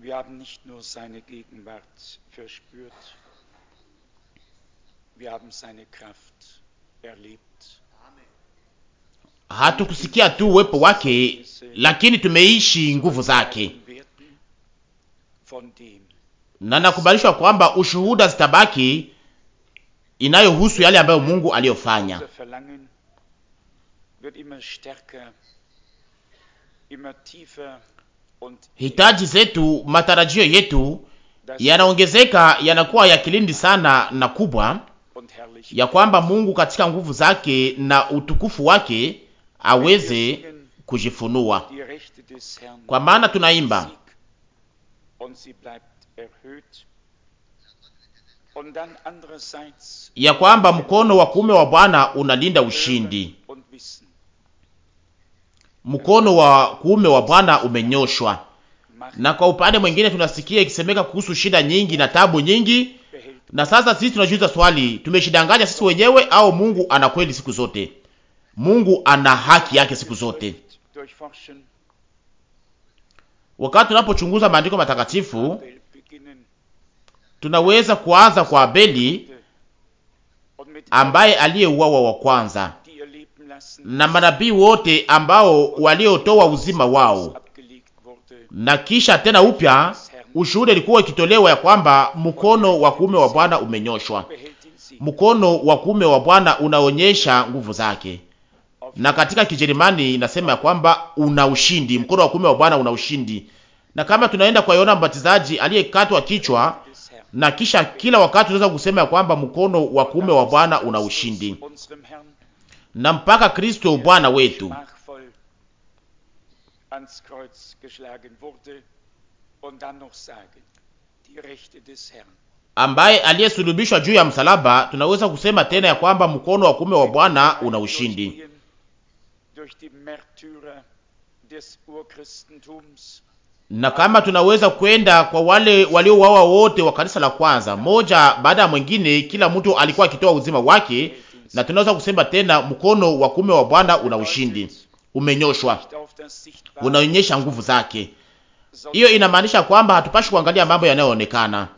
Wir haben nicht nur seine Gegenwart verspürt, wir haben seine Kraft erlebt. Hatukusikia tu uwepo wake, lakini tumeishi nguvu zake, na nakubalishwa kwamba ushuhuda zitabaki inayohusu yale ambayo Mungu aliyofanya. Immer hitaji zetu, matarajio yetu yanaongezeka, yanakuwa ya kilindi sana na kubwa, ya kwamba Mungu katika nguvu zake na utukufu wake aweze kujifunua, kwa maana tunaimba ya kwamba mkono wa kuume wa Bwana unalinda ushindi mkono wa kuume wa Bwana umenyoshwa. Na kwa upande mwingine tunasikia ikisemeka kuhusu shida nyingi na tabu nyingi, na sasa sisi tunajiuliza swali, tumeshidanganya sisi wenyewe au Mungu ana kweli siku zote? Mungu ana haki yake siku zote. Wakati tunapochunguza maandiko matakatifu, tunaweza kuanza kwa Abeli ambaye aliyeuawa wa kwanza na manabii wote ambao waliotoa uzima wao, na kisha tena upya ushuhuda ilikuwa ikitolewa ya kwamba mkono wa kuume wa Bwana umenyoshwa. Mkono wa kuume wa Bwana unaonyesha nguvu zake, na katika Kijerumani inasema ya kwamba una ushindi. Mkono wa kuume wa Bwana una ushindi, na kama tunaenda kwa yona Mbatizaji aliyekatwa kichwa, na kisha kila wakati tunaweza kusema ya kwamba mkono wa kuume wa Bwana una ushindi na mpaka Kristo Bwana wetu ambaye aliyesulubishwa juu ya msalaba. Tunaweza kusema tena ya kwamba mkono wa kuume wa Bwana una ushindi na kama tunaweza kwenda kwa wale waliouawa wote wa kanisa la kwanza, moja baada ya mwingine, kila mtu alikuwa akitoa uzima wake na tunaweza kusema tena, mkono wa kume wa Bwana una ushindi, umenyoshwa, unaonyesha nguvu zake. Hiyo inamaanisha kwamba hatupashi kuangalia mambo yanayoonekana,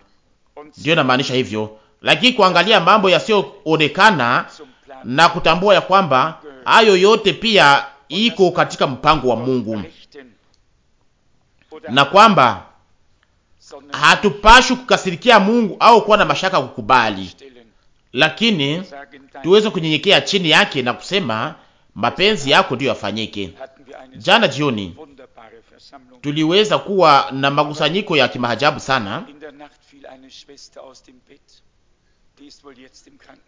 ndiyo inamaanisha hivyo, lakini kuangalia mambo yasiyoonekana na kutambua ya kwamba hayo yote pia iko katika mpango wa Mungu na kwamba hatupashi kukasirikia Mungu au kuwa na mashaka kukubali, lakini tuweze kunyenyekea chini yake na kusema mapenzi yako ndiyo yafanyike. Jana jioni tuliweza kuwa na makusanyiko ya kimahajabu sana,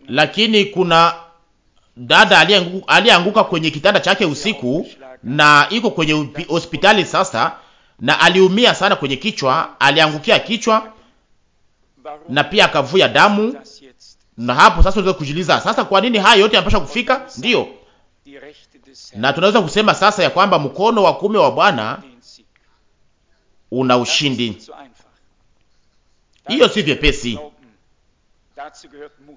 lakini kuna dada aliyeanguka kwenye kitanda chake usiku na iko kwenye hospitali sasa, na aliumia sana kwenye kichwa, aliangukia kichwa na pia akavuja damu na hapo sasa unaweza kujiuliza sasa, kwa nini haya yote yanapaswa kufika? Ndiyo, na tunaweza kusema sasa ya kwamba mkono wa kume wa Bwana una ushindi. Hiyo si vyepesi.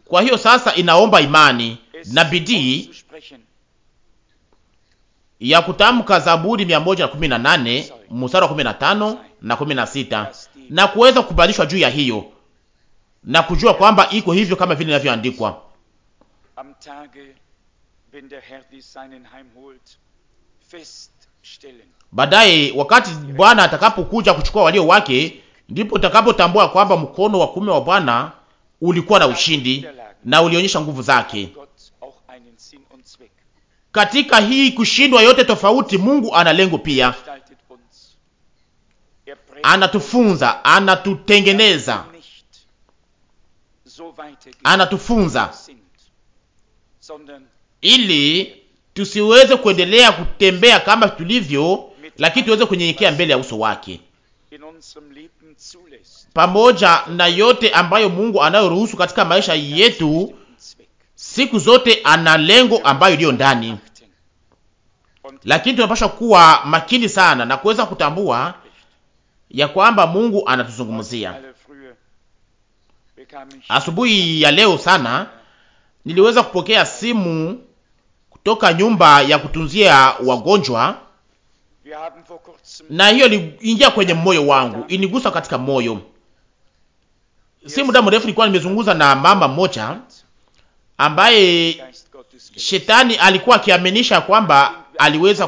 Kwa hiyo sasa inaomba imani na bidii ya kutamka Zaburi 118 na mstari wa 15 na 16 na kuweza kubadilishwa juu ya hiyo na kujua kwamba iko hivyo kama vile inavyoandikwa. Baadaye wakati Bwana atakapokuja kuchukua walio wake, ndipo utakapotambua kwamba mkono wa kumi wa Bwana ulikuwa na ushindi na ulionyesha nguvu zake. Katika hii kushindwa yote tofauti, Mungu ana lengo pia, er anatufunza, anatutengeneza anatufunza ili tusiweze kuendelea kutembea kama tulivyo, lakini tuweze kunyenyekea mbele ya uso wake, pamoja na yote ambayo Mungu anayoruhusu katika maisha yetu. Siku zote ana lengo ambayo iliyo ndani, lakini tunapaswa kuwa makini sana na kuweza kutambua ya kwamba Mungu anatuzungumzia Asubuhi ya leo sana niliweza kupokea simu kutoka nyumba ya kutunzia wagonjwa, na hiyo iliingia kwenye moyo wangu, inigusa katika moyo. Si muda mrefu nilikuwa nimezungumza na mama mmoja ambaye shetani alikuwa akiaminisha kwamba aliweza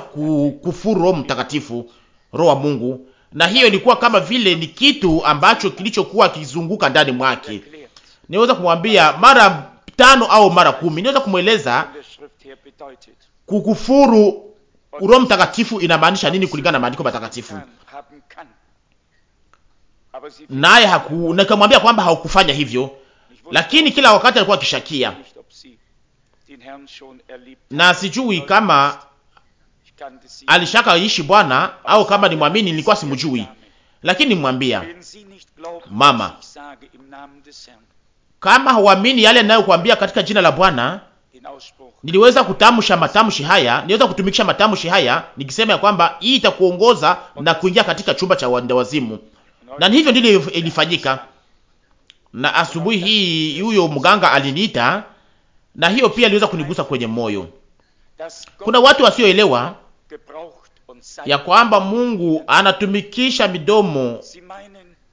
kufuru Roho Mtakatifu, Roho wa Mungu, na hiyo ilikuwa kama vile ni kitu ambacho kilichokuwa kizunguka ndani mwake. Niweza kumwambia mara tano au mara kumi, niweza kumweleza kukufuru Roho Mtakatifu inamaanisha nini kulingana na maandiko matakatifu, naye haku nikamwambia kwamba haukufanya hivyo, lakini kila wakati alikuwa akishakia, na sijui kama alishaka ishi Bwana au kama ni mwamini, nilikuwa simjui, lakini nimwambia mama, kama huamini yale ninayokuambia katika jina la Bwana. Niliweza kutamsha matamshi haya, niweza kutumikisha matamshi haya nikisema ya kwamba hii itakuongoza na kuingia katika chumba cha wandawazimu, na hivyo ndivyo ilifanyika. Na asubuhi hii huyo mganga aliniita, na hiyo pia aliweza kunigusa kwenye moyo. Kuna watu wasioelewa ya kwamba Mungu anatumikisha midomo,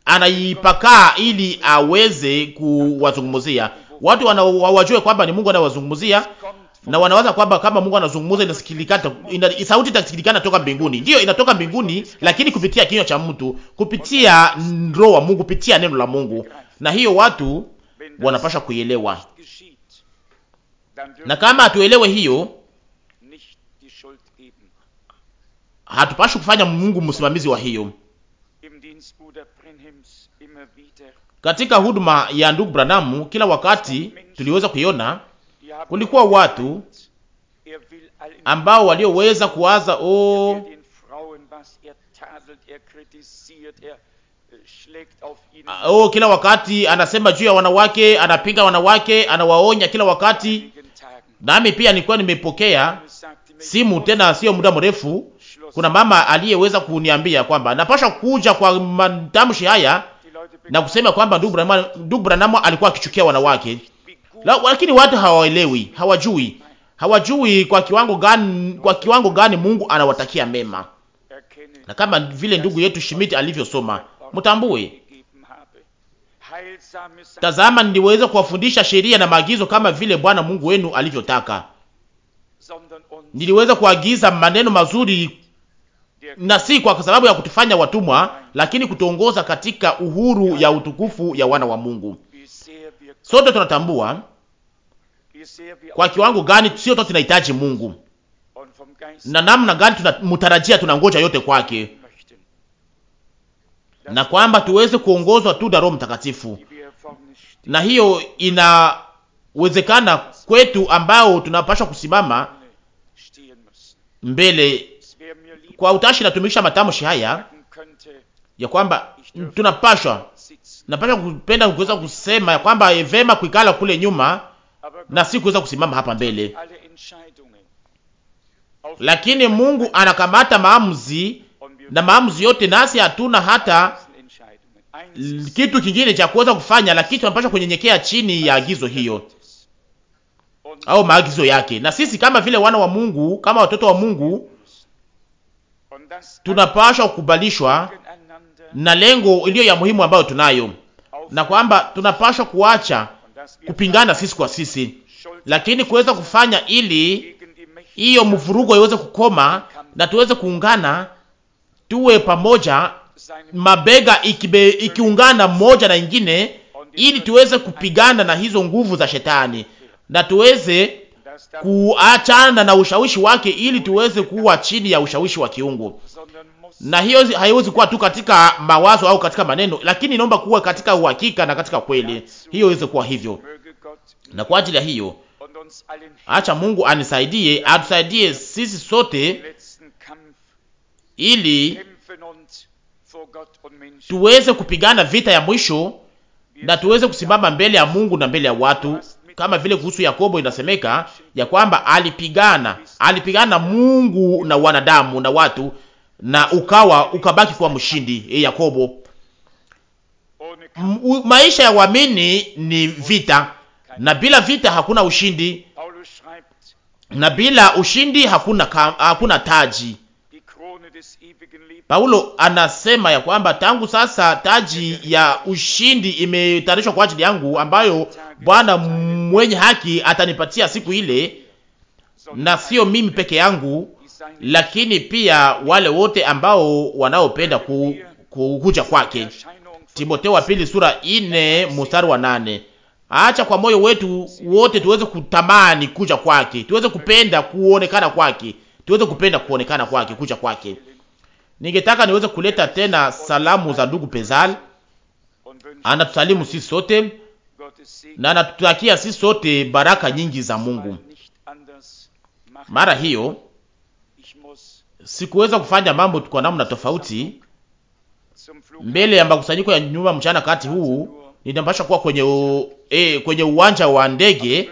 anaipakaa ili aweze kuwazungumzia watu, wajue kwamba ni Mungu anawazungumzia na wanawaza kwamba kama Mungu anazungumza inasikilikana, ina, sauti itasikilikana toka mbinguni. Ndiyo, inatoka mbinguni, lakini kupitia kinywa cha mtu, kupitia roho wa Mungu, kupitia neno la Mungu, na hiyo watu wanapasha kuielewa. Na kama hatuelewe hiyo, hatupashi kufanya Mungu msimamizi wa hiyo. Katika huduma ya ndugu Branham kila wakati tuliweza kuiona kulikuwa watu er ambao walioweza kuwaza er oh, er äh, ah, oh, kila wakati anasema juu ya wanawake, anapinga wanawake, anawaonya kila wakati. Nami pia nilikuwa nimepokea simu tena sio muda mrefu kuna mama aliyeweza kuniambia kwamba napasha kuja kwa matamshi haya na kusema kwamba ndugu Branham alikuwa akichukia wanawake, lakini watu hawaelewi, hawajui, hawajui kwa kiwango gani, kwa kiwango gani Mungu anawatakia mema, na kama vile ndugu yetu Schmidt alivyosoma, mtambue Tazama, niliweza kuwafundisha sheria na maagizo kama vile Bwana Mungu wenu alivyotaka. Niliweza kuagiza maneno mazuri na si kwa sababu ya kutufanya watumwa, lakini kutuongoza katika uhuru ya utukufu ya wana wa Mungu. Sote tunatambua kwa kiwango gani sio tu tunahitaji Mungu na namna gani tunamtarajia, tunangoja yote kwake, na kwamba tuweze kuongozwa tu na Roho Mtakatifu, na hiyo inawezekana kwetu ambao tunapaswa kusimama mbele kwa utashi natumikisha matamshi haya ya kwamba tunapashwa napasha kupenda kuweza kusema ya kwamba eh, vema kuikala kule nyuma na si kuweza kusimama hapa mbele, lakini Mungu anakamata maamuzi na maamuzi yote, nasi hatuna hata kitu kingine cha kuweza kufanya, lakini tunapashwa kunyenyekea chini ya agizo hiyo au maagizo yake. Na sisi kama vile wana wa Mungu, kama watoto wa Mungu, tunapashwa kukubalishwa na lengo iliyo ya muhimu ambayo tunayo, na kwamba tunapashwa kuacha kupingana sisi kwa sisi, lakini kuweza kufanya ili hiyo mvurugo iweze kukoma na tuweze kuungana, tuwe pamoja, mabega ikibe, ikiungana moja na ingine, ili tuweze kupigana na hizo nguvu za shetani na tuweze kuachana na ushawishi wake ili tuweze kuwa chini ya ushawishi wa kiungu, na hiyo haiwezi kuwa tu katika mawazo au katika maneno, lakini inaomba kuwa katika uhakika na katika kweli, hiyo iweze kuwa hivyo. Na kwa ajili ya hiyo, acha Mungu anisaidie, atusaidie sisi sote ili tuweze kupigana vita ya mwisho na tuweze kusimama mbele ya Mungu na mbele ya watu kama vile kuhusu Yakobo inasemeka ya kwamba alipigana, alipigana Mungu na wanadamu na watu, na ukawa ukabaki kuwa mshindi. E, Yakobo, maisha ya waamini ni vita, na bila vita hakuna ushindi, na bila ushindi hakuna, hakuna taji. Paulo anasema ya kwamba tangu sasa taji ya ushindi imetarishwa kwa ajili yangu, ambayo Bwana mwenye haki atanipatia siku ile, na sio mimi peke yangu, lakini pia wale wote ambao wanaopenda ku, ku, kuja kwake. Timotheo wa pili sura ine mstari wa nane. Acha kwa moyo wetu wote tuweze kutamani kuja kwake, tuweze kupenda kuonekana kwake, tuweze kupenda kuonekana kwake, kuja kwake. Ningetaka niweze kuleta tena salamu za ndugu Pezal, anatusalimu sisi sote na anatutakia sisi sote baraka nyingi za Mungu. Mara hiyo sikuweza kufanya mambo kwa namna tofauti mbele ya makusanyiko ya nyuma. Mchana kati huu ninapasha kuwa kwenye, u, eh, kwenye uwanja wa ndege,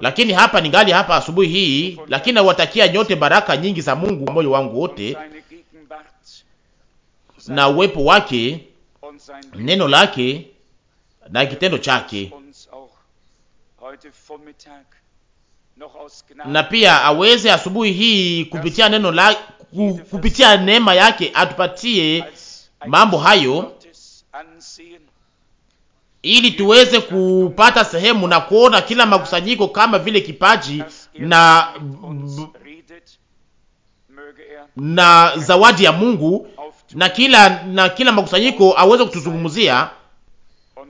lakini hapa ningali hapa asubuhi hii, lakini nawatakia nyote baraka nyingi za Mungu moyo wangu wote, na uwepo wake, neno lake na kitendo chake, na pia aweze asubuhi hii kupitia neno la kupitia neema yake atupatie mambo hayo ili tuweze kupata sehemu na kuona kila makusanyiko kama vile kipaji er na er na zawadi ya Mungu, na kila na kila makusanyiko aweze kutuzungumzia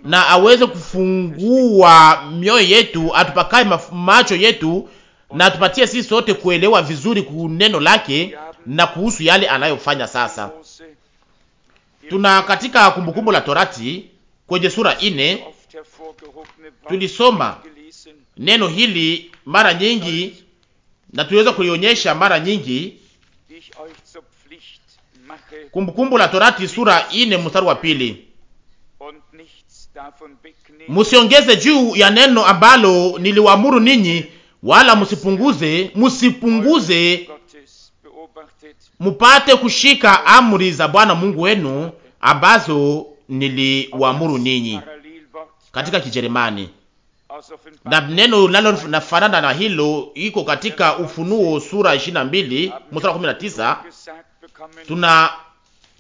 na aweze kufungua mioyo yetu, atupakae macho yetu, na atupatie sisi sote kuelewa vizuri kuneno lake na kuhusu yale anayofanya sasa. Tuna katika kumbukumbu la Torati kwenye sura ine tulisoma neno hili mara nyingi na tuliweza kulionyesha mara nyingi. Kumbukumbu la Torati sura ine mstari wa pili Musiongeze juu ya neno ambalo niliwaamuru ninyi, wala musipunguze, musipunguze, mupate kushika amri za Bwana Mungu wenu ambazo niliwaamuru ninyi katika Kijerumani. Na neno lalo nafanana na hilo iko katika Ufunuo sura 22 mstari 19. Tuna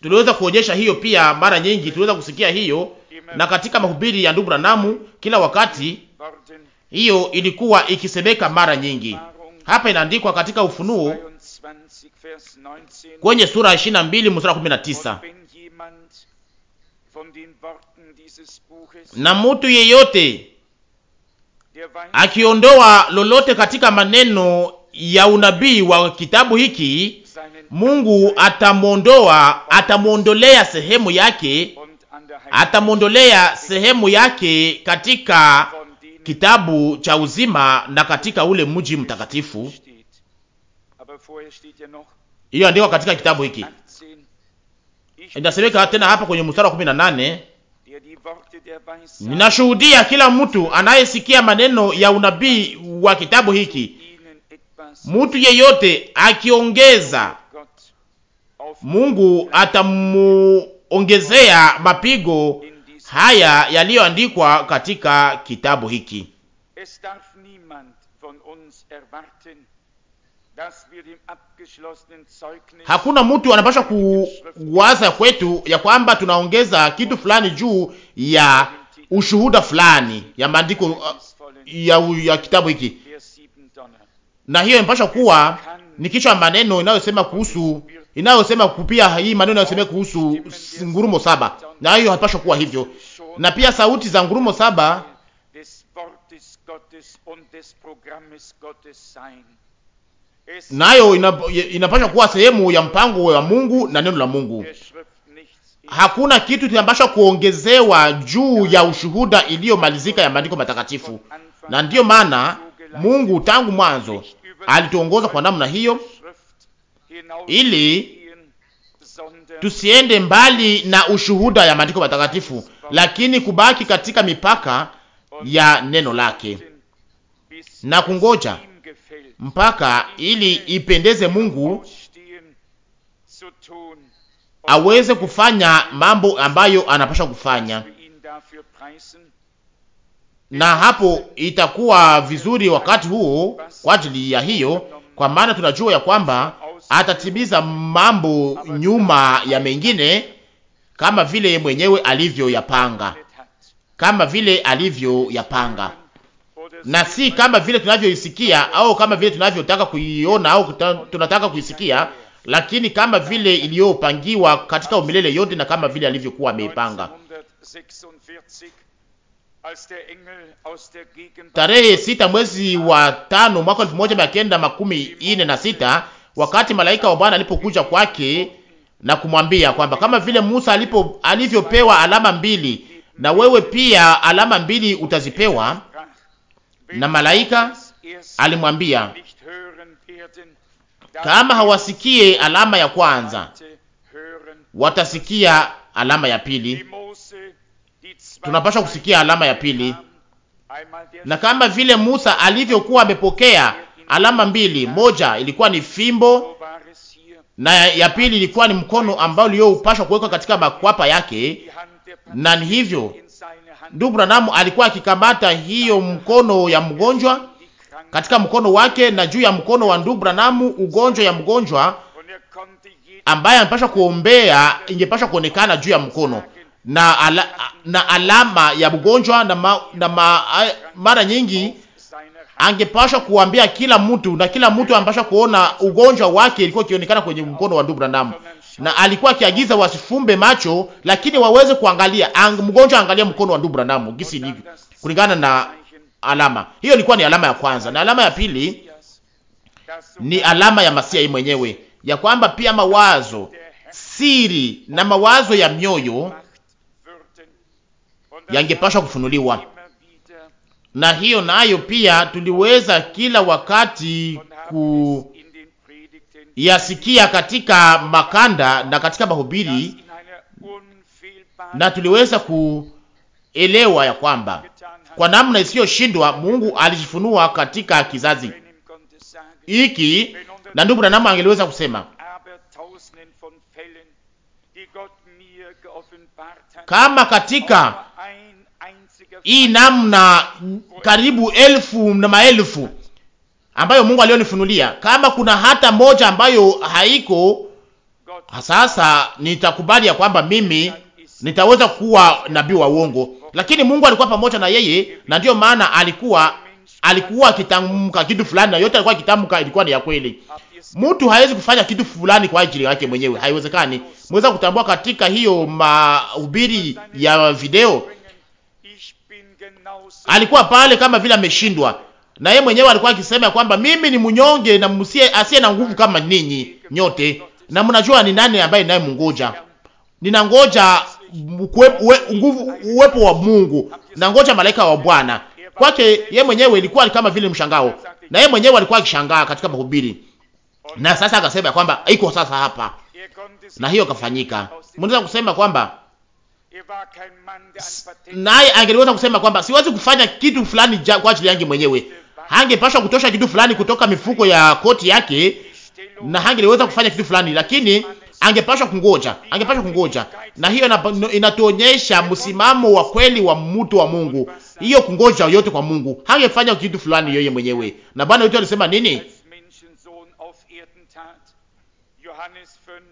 tuliweza kuonyesha hiyo pia mara nyingi, tuliweza kusikia hiyo na katika mahubiri ya ndugu Branamu kila wakati hiyo ilikuwa ikisemeka mara nyingi. Hapa inaandikwa katika Ufunuo kwenye sura 22 mstari 19, na mtu yeyote akiondoa lolote katika maneno ya unabii wa kitabu hiki, Mungu atamwondoa, atamwondolea sehemu yake atamwondolea sehemu yake katika kitabu cha uzima na katika ule mji mtakatifu. Hiyo andikwa katika kitabu hiki, inasemeka tena hapa kwenye mstari wa 18, ninashuhudia kila mtu anayesikia maneno ya unabii wa kitabu hiki, mtu yeyote akiongeza, Mungu atamu ongezea mapigo haya yaliyoandikwa katika kitabu hiki. Hakuna mtu anapaswa kuwaza kwetu ya kwamba tunaongeza kitu fulani juu ya ushuhuda fulani ya maandiko uh, ya, ya kitabu hiki, na hiyo inapaswa kuwa ni kichwa maneno inayosema kuhusu inayosema kupia hii maneno yanayosema kuhusu ngurumo saba, na hiyo hapaswa kuwa hivyo, na pia sauti za ngurumo saba nayo inapashwa inapaswa kuwa sehemu ya mpango wa Mungu na neno la Mungu. Hakuna kitu kinapashwa kuongezewa juu ya ushuhuda iliyomalizika ya maandiko matakatifu, na ndiyo maana Mungu tangu mwanzo alituongoza kwa namna hiyo ili tusiende mbali na ushuhuda ya maandiko matakatifu, lakini kubaki katika mipaka ya neno lake na kungoja mpaka ili ipendeze Mungu aweze kufanya mambo ambayo anapasha kufanya, na hapo itakuwa vizuri wakati huo kwa ajili ya hiyo, kwa maana tunajua ya kwamba atatimiza mambo nyuma ya mengine, kama vile mwenyewe yapanga, kama vile yapanga na si kama vile tunavyoisikia au kama vile tunavyotaka kuiona au tunataka kuisikia, lakini kama vile iliyopangiwa katika umilele yote na kama vile alivyokuwa ameipanga. Tarehe sita mwezi wa tano mwaka elfu moja mia kenda makumi ine na sita wakati malaika wa Bwana alipokuja kwake na kumwambia kwamba kama vile Musa alipo alivyopewa alama mbili, na wewe pia alama mbili utazipewa. Na malaika alimwambia kama hawasikie alama ya kwanza, watasikia alama ya pili. Tunapaswa kusikia alama ya pili, na kama vile Musa alivyokuwa amepokea alama mbili, moja ilikuwa ni fimbo na ya pili ilikuwa ni mkono ambao ulioupashwa kuwekwa katika makwapa yake, na ni hivyo ndugu Branamu alikuwa akikamata hiyo mkono ya mgonjwa katika mkono wake, na juu ya mkono wa ndugu Branamu ugonjwa ya mgonjwa ambaye amepasha kuombea ingepasha kuonekana juu ya mkono na, ala, na alama ya mgonjwa na, ma, na ma, mara nyingi angepashwa kuambia kila mtu na kila mtu ambasha kuona ugonjwa wake ilikuwa ikionekana kwenye mkono wa ndugu Branham, na alikuwa akiagiza wasifumbe macho, lakini waweze kuangalia ang, mgonjwa angalia mkono wa ndugu Branham gisi ni kulingana na alama hiyo. Ilikuwa ni alama ya kwanza, na alama ya pili ni alama ya masia yeye mwenyewe ya kwamba pia mawazo siri na mawazo ya mioyo yangepashwa kufunuliwa na hiyo nayo na pia tuliweza kila wakati kuyasikia katika makanda na katika mahubiri, na tuliweza kuelewa ya kwamba kwa namna isiyoshindwa Mungu alijifunua katika kizazi hiki, na ndugu Branham angeliweza kusema kama katika hii namna karibu elfu na maelfu ambayo Mungu alionifunulia, kama kuna hata moja ambayo haiko sasa, nitakubali ya kwamba mimi nitaweza kuwa nabii wa uongo, lakini Mungu alikuwa pamoja na yeye, na ndiyo maana alikuwa alikuwa akitamka kitu fulani, na yote alikuwa akitamka ilikuwa ni ya kweli. Mtu hawezi kufanya kitu fulani kwa ajili yake mwenyewe, haiwezekani. Mweza kutambua katika hiyo mahubiri ya video alikuwa pale kama vile ameshindwa, na yeye mwenyewe alikuwa akisema kwamba mimi ni mnyonge na msie asiye na nguvu kama ninyi nyote, na mnajua ni nani ambaye naye mungoja. Ninangoja nguvu uwepo wa Mungu, nangoja malaika wa Bwana. Kwake yeye mwenyewe ilikuwa kama vile mshangao, na yeye mwenyewe alikuwa akishangaa katika mahubiri, na sasa akasema kwamba iko sasa hapa, na hiyo kafanyika. Mnaweza kusema kwamba naye angeliweza kusema kwamba siwezi kufanya kitu fulani ja, kwa ajili yangu mwenyewe. Hangepashwa kutosha kitu fulani kutoka mifuko ya koti yake, na hangeliweza kufanya kitu fulani, lakini angepashwa kungoja, angepashwa kungoja. Na hiyo inatuonyesha msimamo wa kweli wa mtu wa Mungu, hiyo kungoja yote kwa Mungu. Hangefanya kitu fulani yeye mwenyewe. Na Bwana wetu alisema nini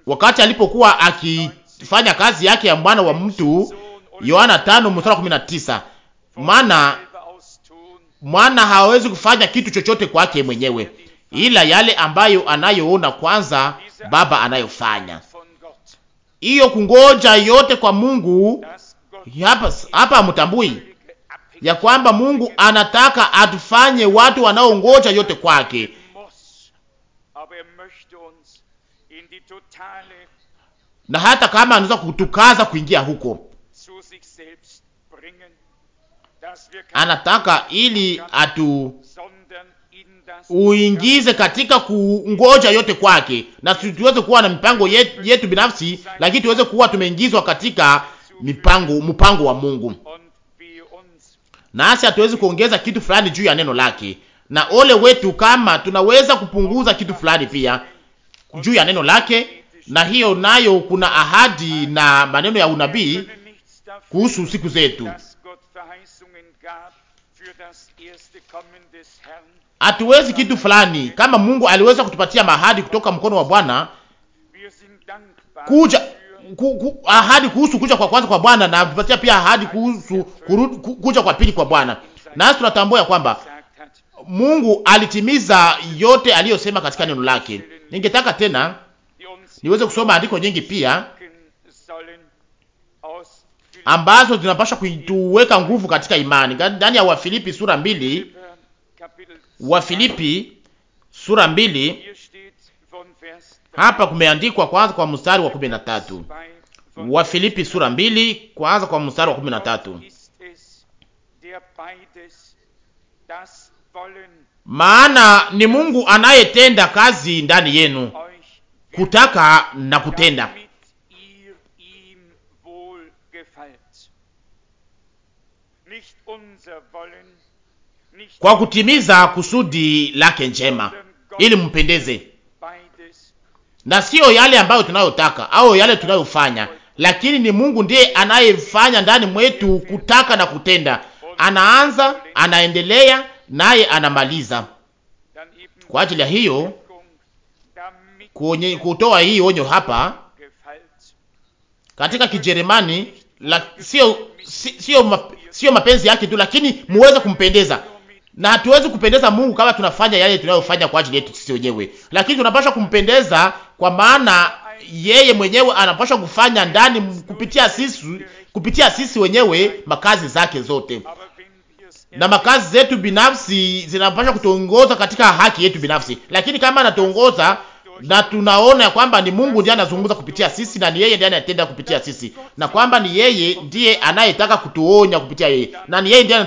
wakati alipokuwa aki fanya kazi yake ya mwana wa mtu, Yohana 5 mstari 19. Maana mwana hawezi kufanya kitu chochote kwake mwenyewe, ila yale ambayo anayoona kwanza baba anayofanya. Hiyo kungoja yote kwa Mungu hapa hapa mtambui ya kwamba Mungu anataka atufanye watu wanaongoja yote kwake, na hata kama anaweza kutukaza kuingia huko, anataka ili atu uingize katika kungoja yote kwake, na tuweze kuwa na mipango yetu, yetu binafsi, lakini tuweze kuwa tumeingizwa katika mipango mpango wa Mungu, nasi hatuwezi kuongeza kitu fulani juu ya neno lake, na ole wetu kama tunaweza kupunguza kitu fulani pia juu ya neno lake na hiyo nayo kuna ahadi na maneno ya unabii kuhusu siku zetu. Hatuwezi kitu fulani kama Mungu aliweza kutupatia mahadi kutoka mkono wa Bwana kuja ku, ku, ahadi kuhusu kuja kwa kwanza kwa Bwana na tupatia pia ahadi kuhusu kurudi kuja kwa pili kwa Bwana. Nasi tunatambua ya kwamba Mungu alitimiza yote aliyosema katika neno lake. Ningetaka tena niweze kusoma andiko nyingi pia ambazo zinapaswa kutuweka nguvu katika imani ndani ya Wafilipi sura mbili, Wafilipi sura mbili. Hapa kumeandikwa kwanza kwa mstari wa kumi na tatu Wafilipi sura mbili kwanza kwa mstari wa kumi na tatu maana ni Mungu anayetenda kazi ndani yenu kutaka na kutenda. Kwa kutimiza kusudi lake njema ili mpendeze, na siyo yale ambayo tunayotaka au yale tunayofanya, lakini ni Mungu ndiye anayefanya ndani mwetu kutaka na kutenda. Anaanza, anaendelea naye anamaliza. Kwa ajili ya hiyo kuonye, kutoa hii onyo hapa katika Kijerumani la, sio, sio, sio mapenzi yake tu, lakini muweze kumpendeza. Na hatuwezi kupendeza Mungu kama tunafanya yale tunayofanya kwa ajili yetu sisi wenyewe, lakini tunapaswa kumpendeza kwa maana yeye mwenyewe anapaswa kufanya ndani kupitia sisi, kupitia sisi wenyewe makazi zake zote, na makazi zetu binafsi zinapaswa kutuongoza katika haki yetu binafsi, lakini kama anatuongoza na tunaona ya kwamba ni Mungu ndiye anazungumza kupitia sisi na ni yeye ndiye anatenda kupitia sisi, na kwamba ni yeye ndiye anayetaka kutuonya kupitia yeye, na ni yeye ndiye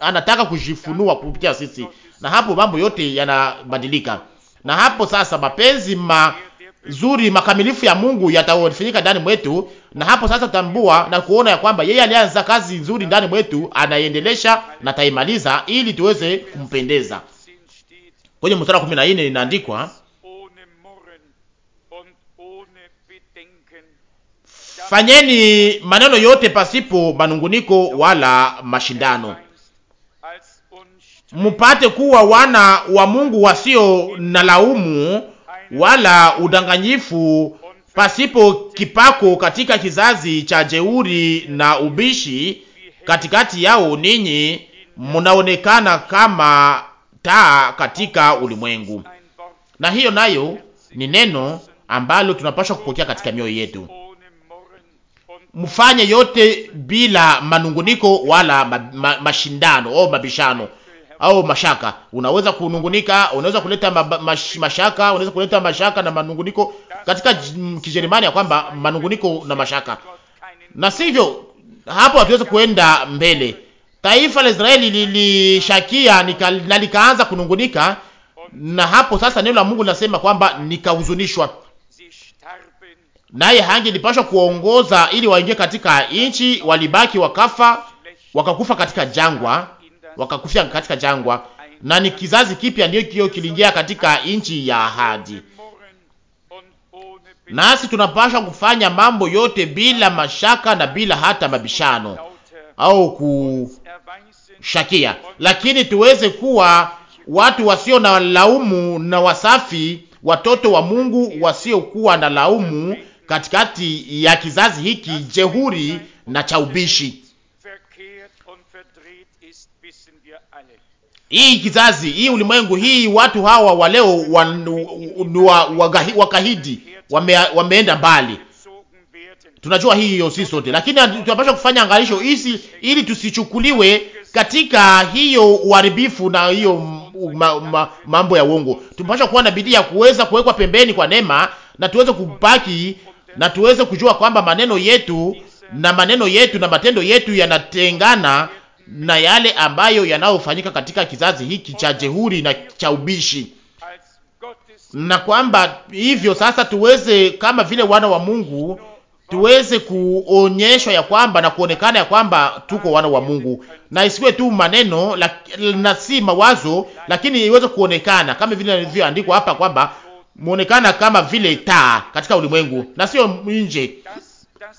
anataka kujifunua kupitia sisi, na hapo mambo yote yanabadilika. Na hapo sasa mapenzi mazuri makamilifu ya Mungu yatafanyika ndani mwetu, na hapo sasa tutambua na kuona ya kwamba yeye alianza kazi nzuri ndani mwetu, anaiendelesha na taimaliza, ili tuweze kumpendeza. Kwenye mstari wa 14 inaandikwa Fanyeni maneno yote pasipo manunguniko wala mashindano, mupate kuwa wana wa Mungu wasio na laumu wala udanganyifu, pasipo kipako katika kizazi cha jeuri na ubishi. Katikati yao ninyi munaonekana kama taa katika ulimwengu, na hiyo nayo ni neno ambalo tunapaswa kupokea katika mioyo yetu mfanye yote bila manunguniko wala ma, ma, mashindano au mabishano au mashaka. Unaweza kunungunika, unaweza kuleta ma, ma, mashaka, unaweza kuleta mashaka na manunguniko katika Kijerumani ya kwamba manunguniko na mashaka, na sivyo hapo hatuwezi kuenda mbele. Taifa la Israeli lilishakia nika, na likaanza kunungunika, na hapo sasa neno la Mungu linasema kwamba nikahuzunishwa naye lipashwa kuongoza ili waingie katika nchi, walibaki wakafa, wakakufa katika jangwa, wakakufia katika jangwa, na ni kizazi kipya ndio kio kiliingia katika nchi ya ahadi. Nasi tunapashwa kufanya mambo yote bila mashaka na bila hata mabishano au kushakia, lakini tuweze kuwa watu wasio na laumu na wasafi, watoto wa Mungu wasiokuwa na laumu katikati ya kizazi hiki jehuri na cha ubishi. Hii kizazi hii, ulimwengu hii, watu hawa wa leo wakahidi, wame, wameenda mbali. Tunajua hii hiyo, si sote, lakini tunapaswa kufanya angalisho isi, ili tusichukuliwe katika hiyo uharibifu na hiyo ma, ma, mambo ya uongo. Tunapaswa kuwa na bidii ya kuweza kuwekwa pembeni kwa neema na tuweze kubaki na tuweze kujua kwamba maneno yetu na maneno yetu na matendo yetu yanatengana na yale ambayo yanayofanyika katika kizazi hiki cha jehuri na cha ubishi, na kwamba hivyo sasa tuweze kama vile wana wa Mungu tuweze kuonyeshwa ya kwamba na kuonekana ya kwamba tuko wana wa Mungu, na isiwe tu maneno na si mawazo, lakini iweze kuonekana kama vile ilivyoandikwa hapa kwamba mwonekana kama vile taa katika ulimwengu na sio nje,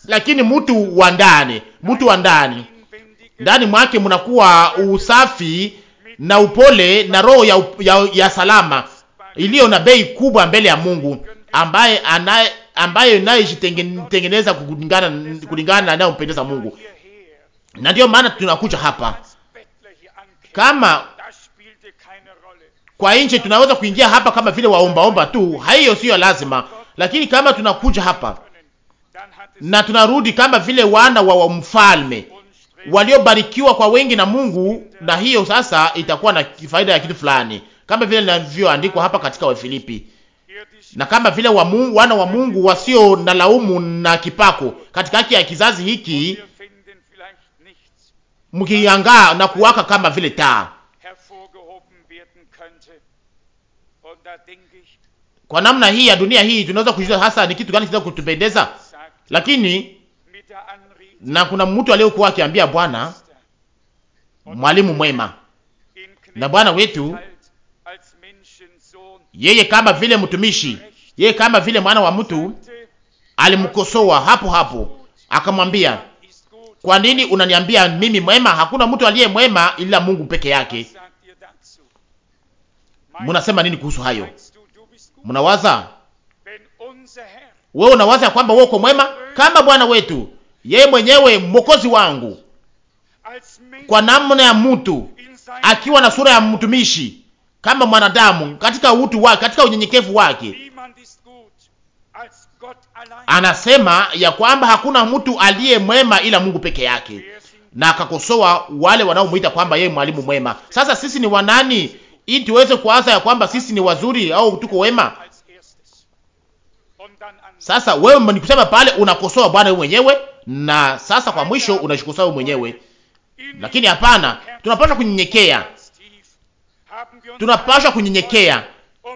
lakini mtu wa ndani, mtu wa ndani, ndani mwake mnakuwa usafi na upole na roho ya, ya, ya salama iliyo na bei kubwa mbele ya Mungu ambaye anaye ambayo inayojitengeneza kulingana kulingana na anayompendeza Mungu, na ndiyo maana tunakuja hapa kama kwa nje tunaweza kuingia hapa kama vile waombaomba tu, hiyo siyo lazima. Lakini kama tunakuja hapa na tunarudi kama vile wana wa mfalme waliobarikiwa kwa wengi na Mungu, na hiyo sasa itakuwa na faida ya kitu fulani, kama vile linavyoandikwa hapa katika Wafilipi, na kama vile wa Mungu, wana wa Mungu wasio na laumu na kipako katika haki ya kizazi hiki, mkiangaa na kuwaka kama vile taa. Kwa namna hii ya dunia hii tunaweza kujua hasa ni kitu gani kinaweza kutupendeza, lakini na kuna mtu aliyekuwa akiambia Bwana, mwalimu mwema, na Bwana wetu yeye kama vile mtumishi, yeye kama vile mwana wa mtu alimkosoa hapo hapo, akamwambia kwa nini unaniambia mimi mwema? Hakuna mtu aliye mwema ila Mungu peke yake. Munasema nini kuhusu hayo? Munawaza wewe, unawaza kwamba wewe uko mwema kama Bwana wetu yeye mwenyewe mwokozi wangu, kwa namna ya mtu akiwa na sura ya mtumishi kama mwanadamu, katika utu wake, katika unyenyekevu wake, anasema ya kwamba hakuna mtu aliye mwema ila Mungu peke yake, na akakosoa wale wanaomwita kwamba yeye mwalimu mwema. Sasa sisi ni wanani ili tuweze kuwaza ya kwamba sisi ni wazuri au tuko wema. Sasa wewe ni kusema pale unakosoa Bwana wewe mwenyewe, na sasa kwa mwisho unajikosoa wewe mwenyewe. Lakini hapana, tunapaswa kunyenyekea, tunapaswa kunyenyekea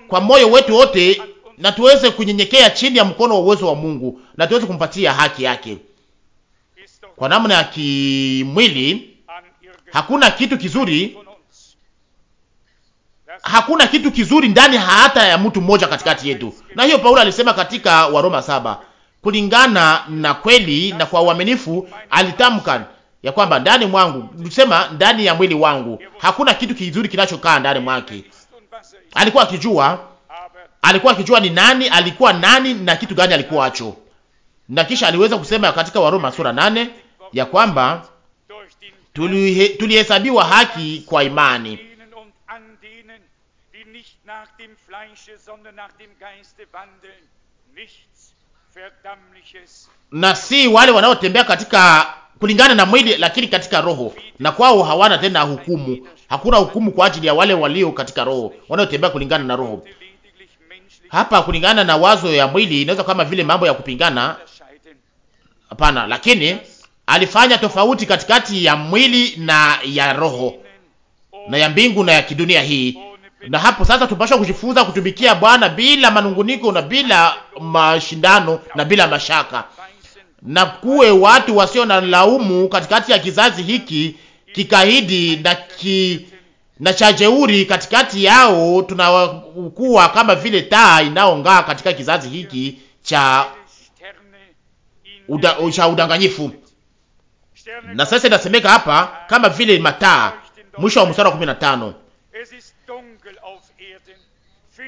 kwa moyo wetu wote, na tuweze kunyenyekea chini ya mkono wa uwezo wa Mungu, na tuweze kumpatia haki yake kwa namna ya kimwili. Hakuna kitu kizuri hakuna kitu kizuri ndani hata ya mtu mmoja katikati yetu. Na hiyo Paulo alisema katika Waroma saba kulingana na kweli na kwa uaminifu alitamka ya kwamba ndani mwangu, nilisema ndani ya mwili wangu hakuna kitu kizuri kinachokaa ndani mwake. Alikuwa akijua, alikuwa akijua ni nani, alikuwa nani na kitu gani alikuwa acho, na kisha aliweza kusema katika Waroma sura nane ya kwamba tulihesabiwa haki kwa imani nach dem Fleische, sondern nach dem Geiste wandeln. Nichts verdammliches. Na si wale wanaotembea katika kulingana na mwili, lakini katika roho, na kwao hawana tena hukumu. Hakuna hukumu kwa ajili ya wale walio katika roho, wanaotembea kulingana na roho. Hapa kulingana na wazo ya mwili inaweza kama vile mambo ya kupingana, hapana, lakini alifanya tofauti katikati ya mwili na ya roho na ya mbingu na ya kidunia hii, na hapo sasa tupasha kujifunza kutumikia Bwana bila manunguniko na bila mashindano na bila mashaka, na kuwe watu wasio na laumu katikati ya kizazi hiki kikaidi na ki na cha jeuri katikati yao. Tunakuwa kama vile taa inaong'aa katika kizazi hiki cha uda, cha udanganyifu. Na sasa inasemeka hapa kama vile mataa, mwisho wa mstari wa 15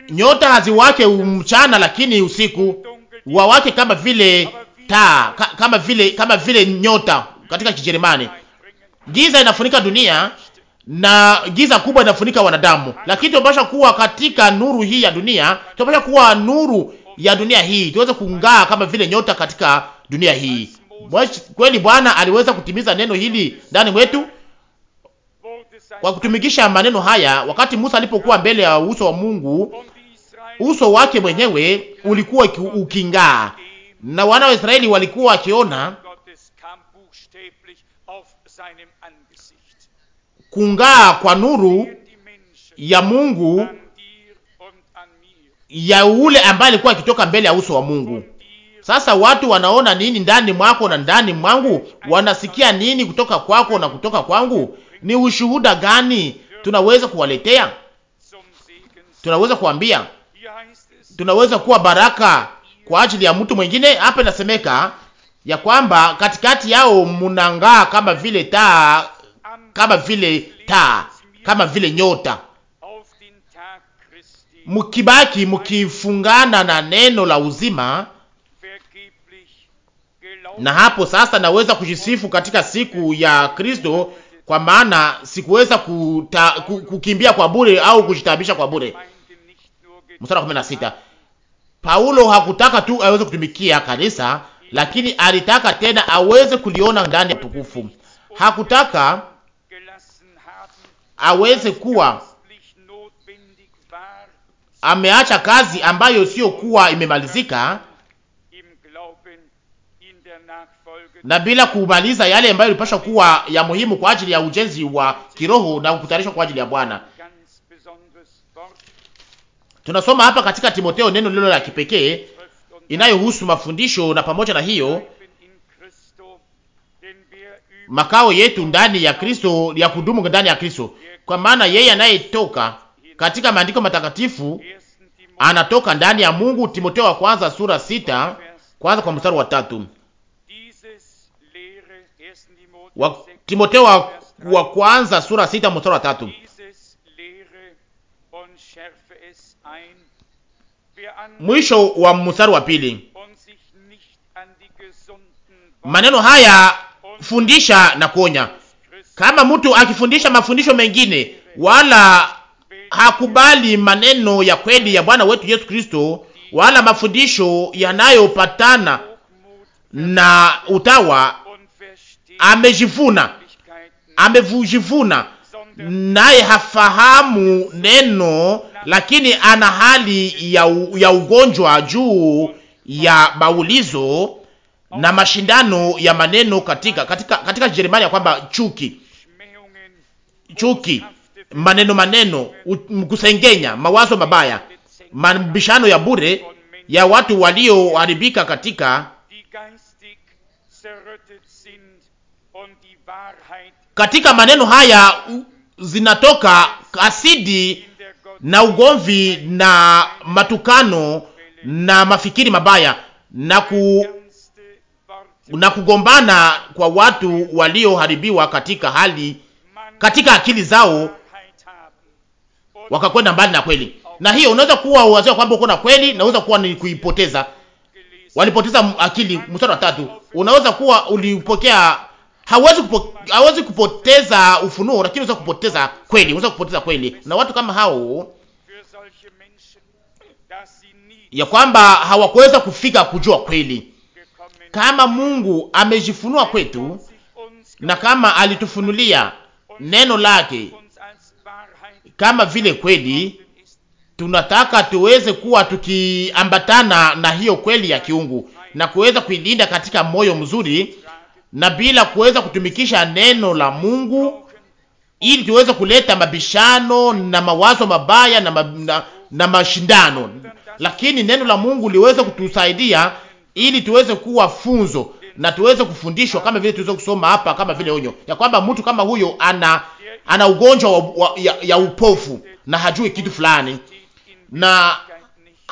nyota haziwake mchana, lakini usiku wawake kama vile taa, kama vile kama vile nyota katika Kijerumani. Giza inafunika dunia na giza kubwa inafunika wanadamu, lakini tunapaswa kuwa katika nuru hii ya dunia. Tunapaswa kuwa nuru ya dunia hii, tuweze kung'aa kama vile nyota katika dunia hii. Kweli Bwana aliweza kutimiza neno hili ndani mwetu kwa kutumikisha maneno haya. Wakati Musa alipokuwa mbele ya uso wa Mungu uso wake mwenyewe ulikuwa ukingaa, na wana wa Israeli walikuwa wakiona kungaa kwa nuru ya Mungu ya ule ambaye alikuwa akitoka mbele ya uso wa Mungu. Sasa watu wanaona nini ndani mwako na ndani mwangu? Wanasikia nini kutoka kwako na kutoka kwangu? Ni ushuhuda gani tunaweza kuwaletea? Tunaweza kuambia tunaweza kuwa baraka kwa ajili ya mtu mwingine. Hapa inasemeka ya kwamba katikati yao munang'aa kama vile taa, kama vile taa, kama vile nyota, mukibaki mukifungana na neno la uzima. Na hapo sasa naweza kujisifu katika siku ya Kristo, kwa maana sikuweza kuta, kukimbia kwa bure au kujitabisha kwa bure. Mstari wa Paulo hakutaka tu aweze kutumikia kanisa, lakini alitaka tena aweze kuliona ndani ya tukufu. Hakutaka aweze kuwa ameacha kazi ambayo siyokuwa imemalizika na bila kumaliza yale ambayo ilipaswa kuwa ya muhimu kwa ajili ya ujenzi wa kiroho na kutayarishwa kwa ajili ya Bwana. Tunasoma hapa katika timoteo neno lilo la kipekee inayohusu mafundisho na pamoja na hiyo makao yetu ndani ya Kristo ya kudumu ndani ya Kristo, kwa maana yeye anayetoka katika maandiko matakatifu anatoka ndani ya Mungu. Timoteo wa kwanza sura sita kwanza kwa mstari wa tatu. Wa wa, wa kwanza sura sita mstari wa tatu. mwisho wa mstari wa pili. Maneno haya fundisha na kuonya. Kama mtu akifundisha mafundisho mengine wala hakubali maneno ya kweli ya Bwana wetu Yesu Kristo wala mafundisho yanayopatana na utawa, amejivuna, amejivuna, naye hafahamu neno lakini ana hali ya, ya ugonjwa juu ya maulizo na mashindano ya maneno katika katika katika Kijerumani ya kwamba chuki chuki maneno maneno mkusengenya mawazo mabaya mabishano ya bure ya watu walioharibika katika katika maneno haya zinatoka asidi na ugomvi na matukano na mafikiri mabaya na, ku, na kugombana kwa watu walioharibiwa katika hali katika akili zao wakakwenda mbali na kweli. Na hiyo unaweza kuwa uwazia kwamba uko na kweli, naweza kuwa ni kuipoteza. Walipoteza akili. Mstari wa tatu, unaweza kuwa ulipokea hawezi kupo, hawezi kupoteza ufunuo, lakini unaweza kupoteza kweli, unaweza kupoteza kweli. Na watu kama hao ya kwamba hawakuweza kufika kujua kweli, kama Mungu amejifunua kwetu na kama alitufunulia neno lake kama vile kweli, tunataka tuweze kuwa tukiambatana na hiyo kweli ya kiungu na kuweza kuilinda katika moyo mzuri na bila kuweza kutumikisha neno la Mungu ili tuweze kuleta mabishano na mawazo mabaya na, ma, na, na mashindano, lakini neno la Mungu liweze kutusaidia ili tuweze kuwa funzo na tuweze kufundishwa kama vile tuweze kusoma hapa, kama vile onyo ya kwamba mtu kama huyo ana ana ugonjwa wa, wa, ya, ya upofu na hajui kitu fulani, na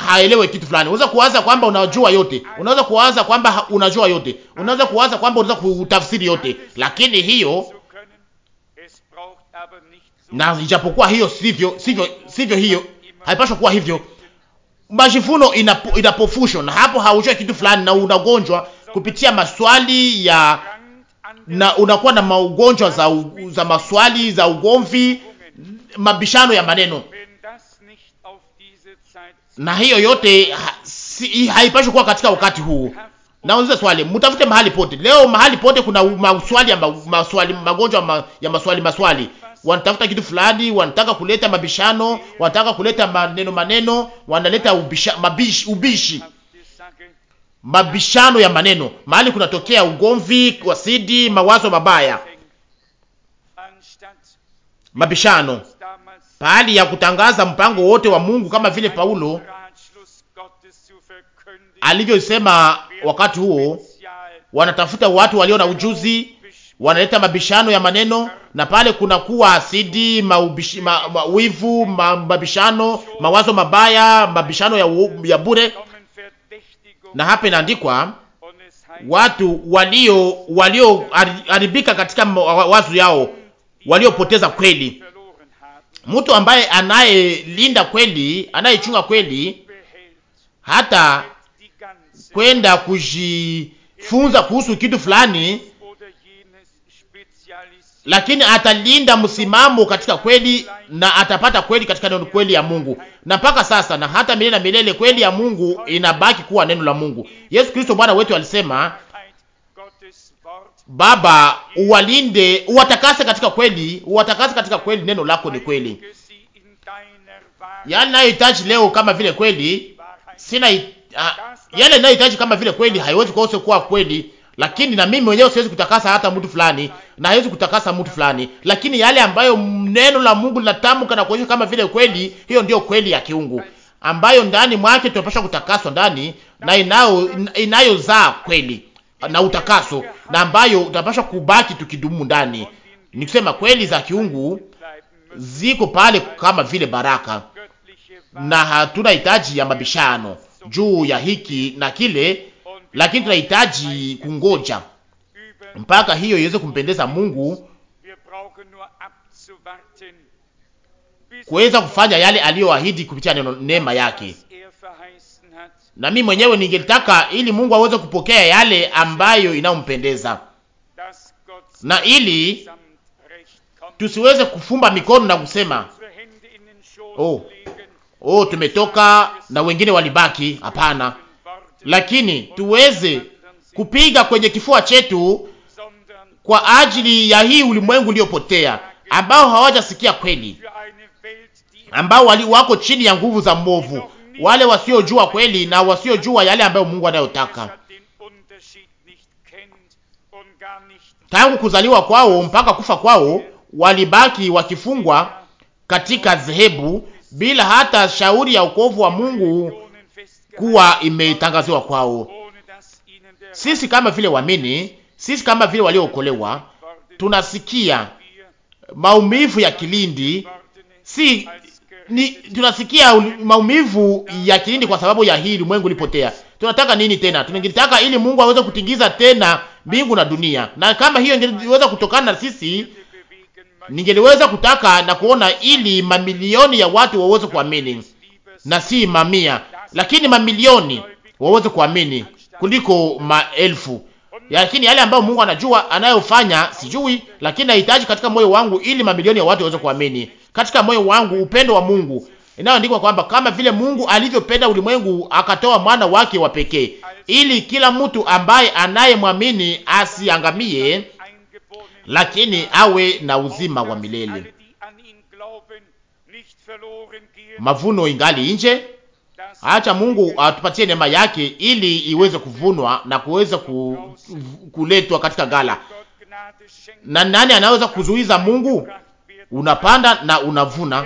haelewe kitu fulani. Unaweza kuwaza kwamba unajua yote, unaweza kuwaza kwamba unajua yote, unaweza kuwaza kwamba unaweza kutafsiri yote, lakini hiyo na ijapokuwa hiyo sivyo, sivyo, sivyo, hiyo haipaswi kuwa hivyo. Majifuno inapo, inapofushwa na hapo, haujua kitu fulani na unagonjwa kupitia maswali ya na unakuwa na maugonjwa za, za maswali za ugomvi, mabishano ya maneno na hiyo yote ha, si, haipashwi kuwa katika wakati huu. Nauliza swali, mtafute mahali pote leo, mahali pote kuna maswali ya maswali, magonjwa ma, ya maswali maswali. Wanatafuta kitu fulani, wanataka kuleta mabishano, wanataka kuleta maneno maneno, wanaleta ubisha, mabish, ubishi mabishano ya maneno, mahali kunatokea ugomvi wasidi, mawazo mabaya, mabishano pahali ya kutangaza mpango wote wa Mungu kama vile Paulo alivyosema wakati huo. Wanatafuta watu walio na ujuzi, wanaleta mabishano ya maneno, na pale kuna kuwa asidi, mawivu, ma, ma, ma, mabishano, mawazo mabaya, mabishano ya, ya bure. Na hapa inaandikwa watu walio walioharibika katika mawazo yao, waliopoteza kweli mtu ambaye anayelinda kweli, anayechunga kweli, hata kwenda kujifunza kuhusu kitu fulani, lakini atalinda msimamo katika kweli na atapata kweli katika neno kweli ya Mungu, na mpaka sasa na hata milele na milele, kweli ya Mungu inabaki kuwa neno la Mungu. Yesu Kristo Bwana wetu alisema Baba, uwalinde, uwatakase katika kweli, uwatakase katika kweli, neno lako ni kweli. Yale nayohitaji leo kama vile kweli sina uh, yale nayohitaji kama vile kweli haiwezi kuose kuwa kweli, lakini na mimi mwenyewe siwezi kutakasa hata mtu fulani na haiwezi kutakasa mtu fulani, lakini yale ambayo neno la Mungu linatamka na kuonyesha kama vile kweli, hiyo ndio kweli ya kiungu ambayo ndani mwake tunapaswa kutakaswa ndani na inayo inayozaa kweli na utakaso na ambayo tunapaswa kubaki tukidumu ndani. Ni kusema kweli za kiungu ziko pale kama vile baraka, na hatuna hitaji ya mabishano juu ya hiki na kile, lakini tunahitaji kungoja mpaka hiyo iweze kumpendeza Mungu, kuweza kufanya yale aliyoahidi kupitia neno neema yake na mimi mwenyewe ningetaka ili Mungu aweze kupokea yale ambayo inayompendeza, na ili tusiweze kufumba mikono na kusema oh, oh, tumetoka na wengine walibaki. Hapana, lakini tuweze kupiga kwenye kifua chetu kwa ajili ya hii ulimwengu uliopotea ambao hawajasikia kweli, ambao wali wako chini ya nguvu za mwovu wale wasiojua kweli na wasiojua yale ambayo Mungu anayotaka tangu kuzaliwa kwao mpaka kufa kwao, walibaki wakifungwa katika dhehebu bila hata shauri ya ukovu wa Mungu kuwa imetangaziwa kwao. Sisi kama vile wamini, sisi kama vile waliookolewa, tunasikia maumivu ya kilindi, si ni tunasikia maumivu ya kilindi kwa sababu ya hii ulimwengu ulipotea. Tunataka nini tena? Tunangitaka ili Mungu aweze kutingiza tena mbingu na dunia, na kama hiyo ingeweza kutokana na sisi, ningeliweza kutaka na kuona ili mamilioni ya watu waweze kuamini na si mamia, lakini mamilioni waweze kuamini kuliko maelfu. Lakini yale ambayo Mungu anajua anayofanya sijui, lakini nahitaji katika moyo wangu ili mamilioni ya watu waweze kuamini katika moyo wangu upendo wa Mungu inayoandikwa kwamba kama vile Mungu alivyopenda ulimwengu akatoa mwana wake wa pekee, ili kila mtu ambaye anayemwamini asiangamie, lakini awe na uzima wa milele. Mavuno ingali nje. Acha Mungu atupatie neema yake ili iweze kuvunwa na kuweza ku, kuletwa katika gala. Na nani anaweza kuzuiza Mungu? unapanda na unavuna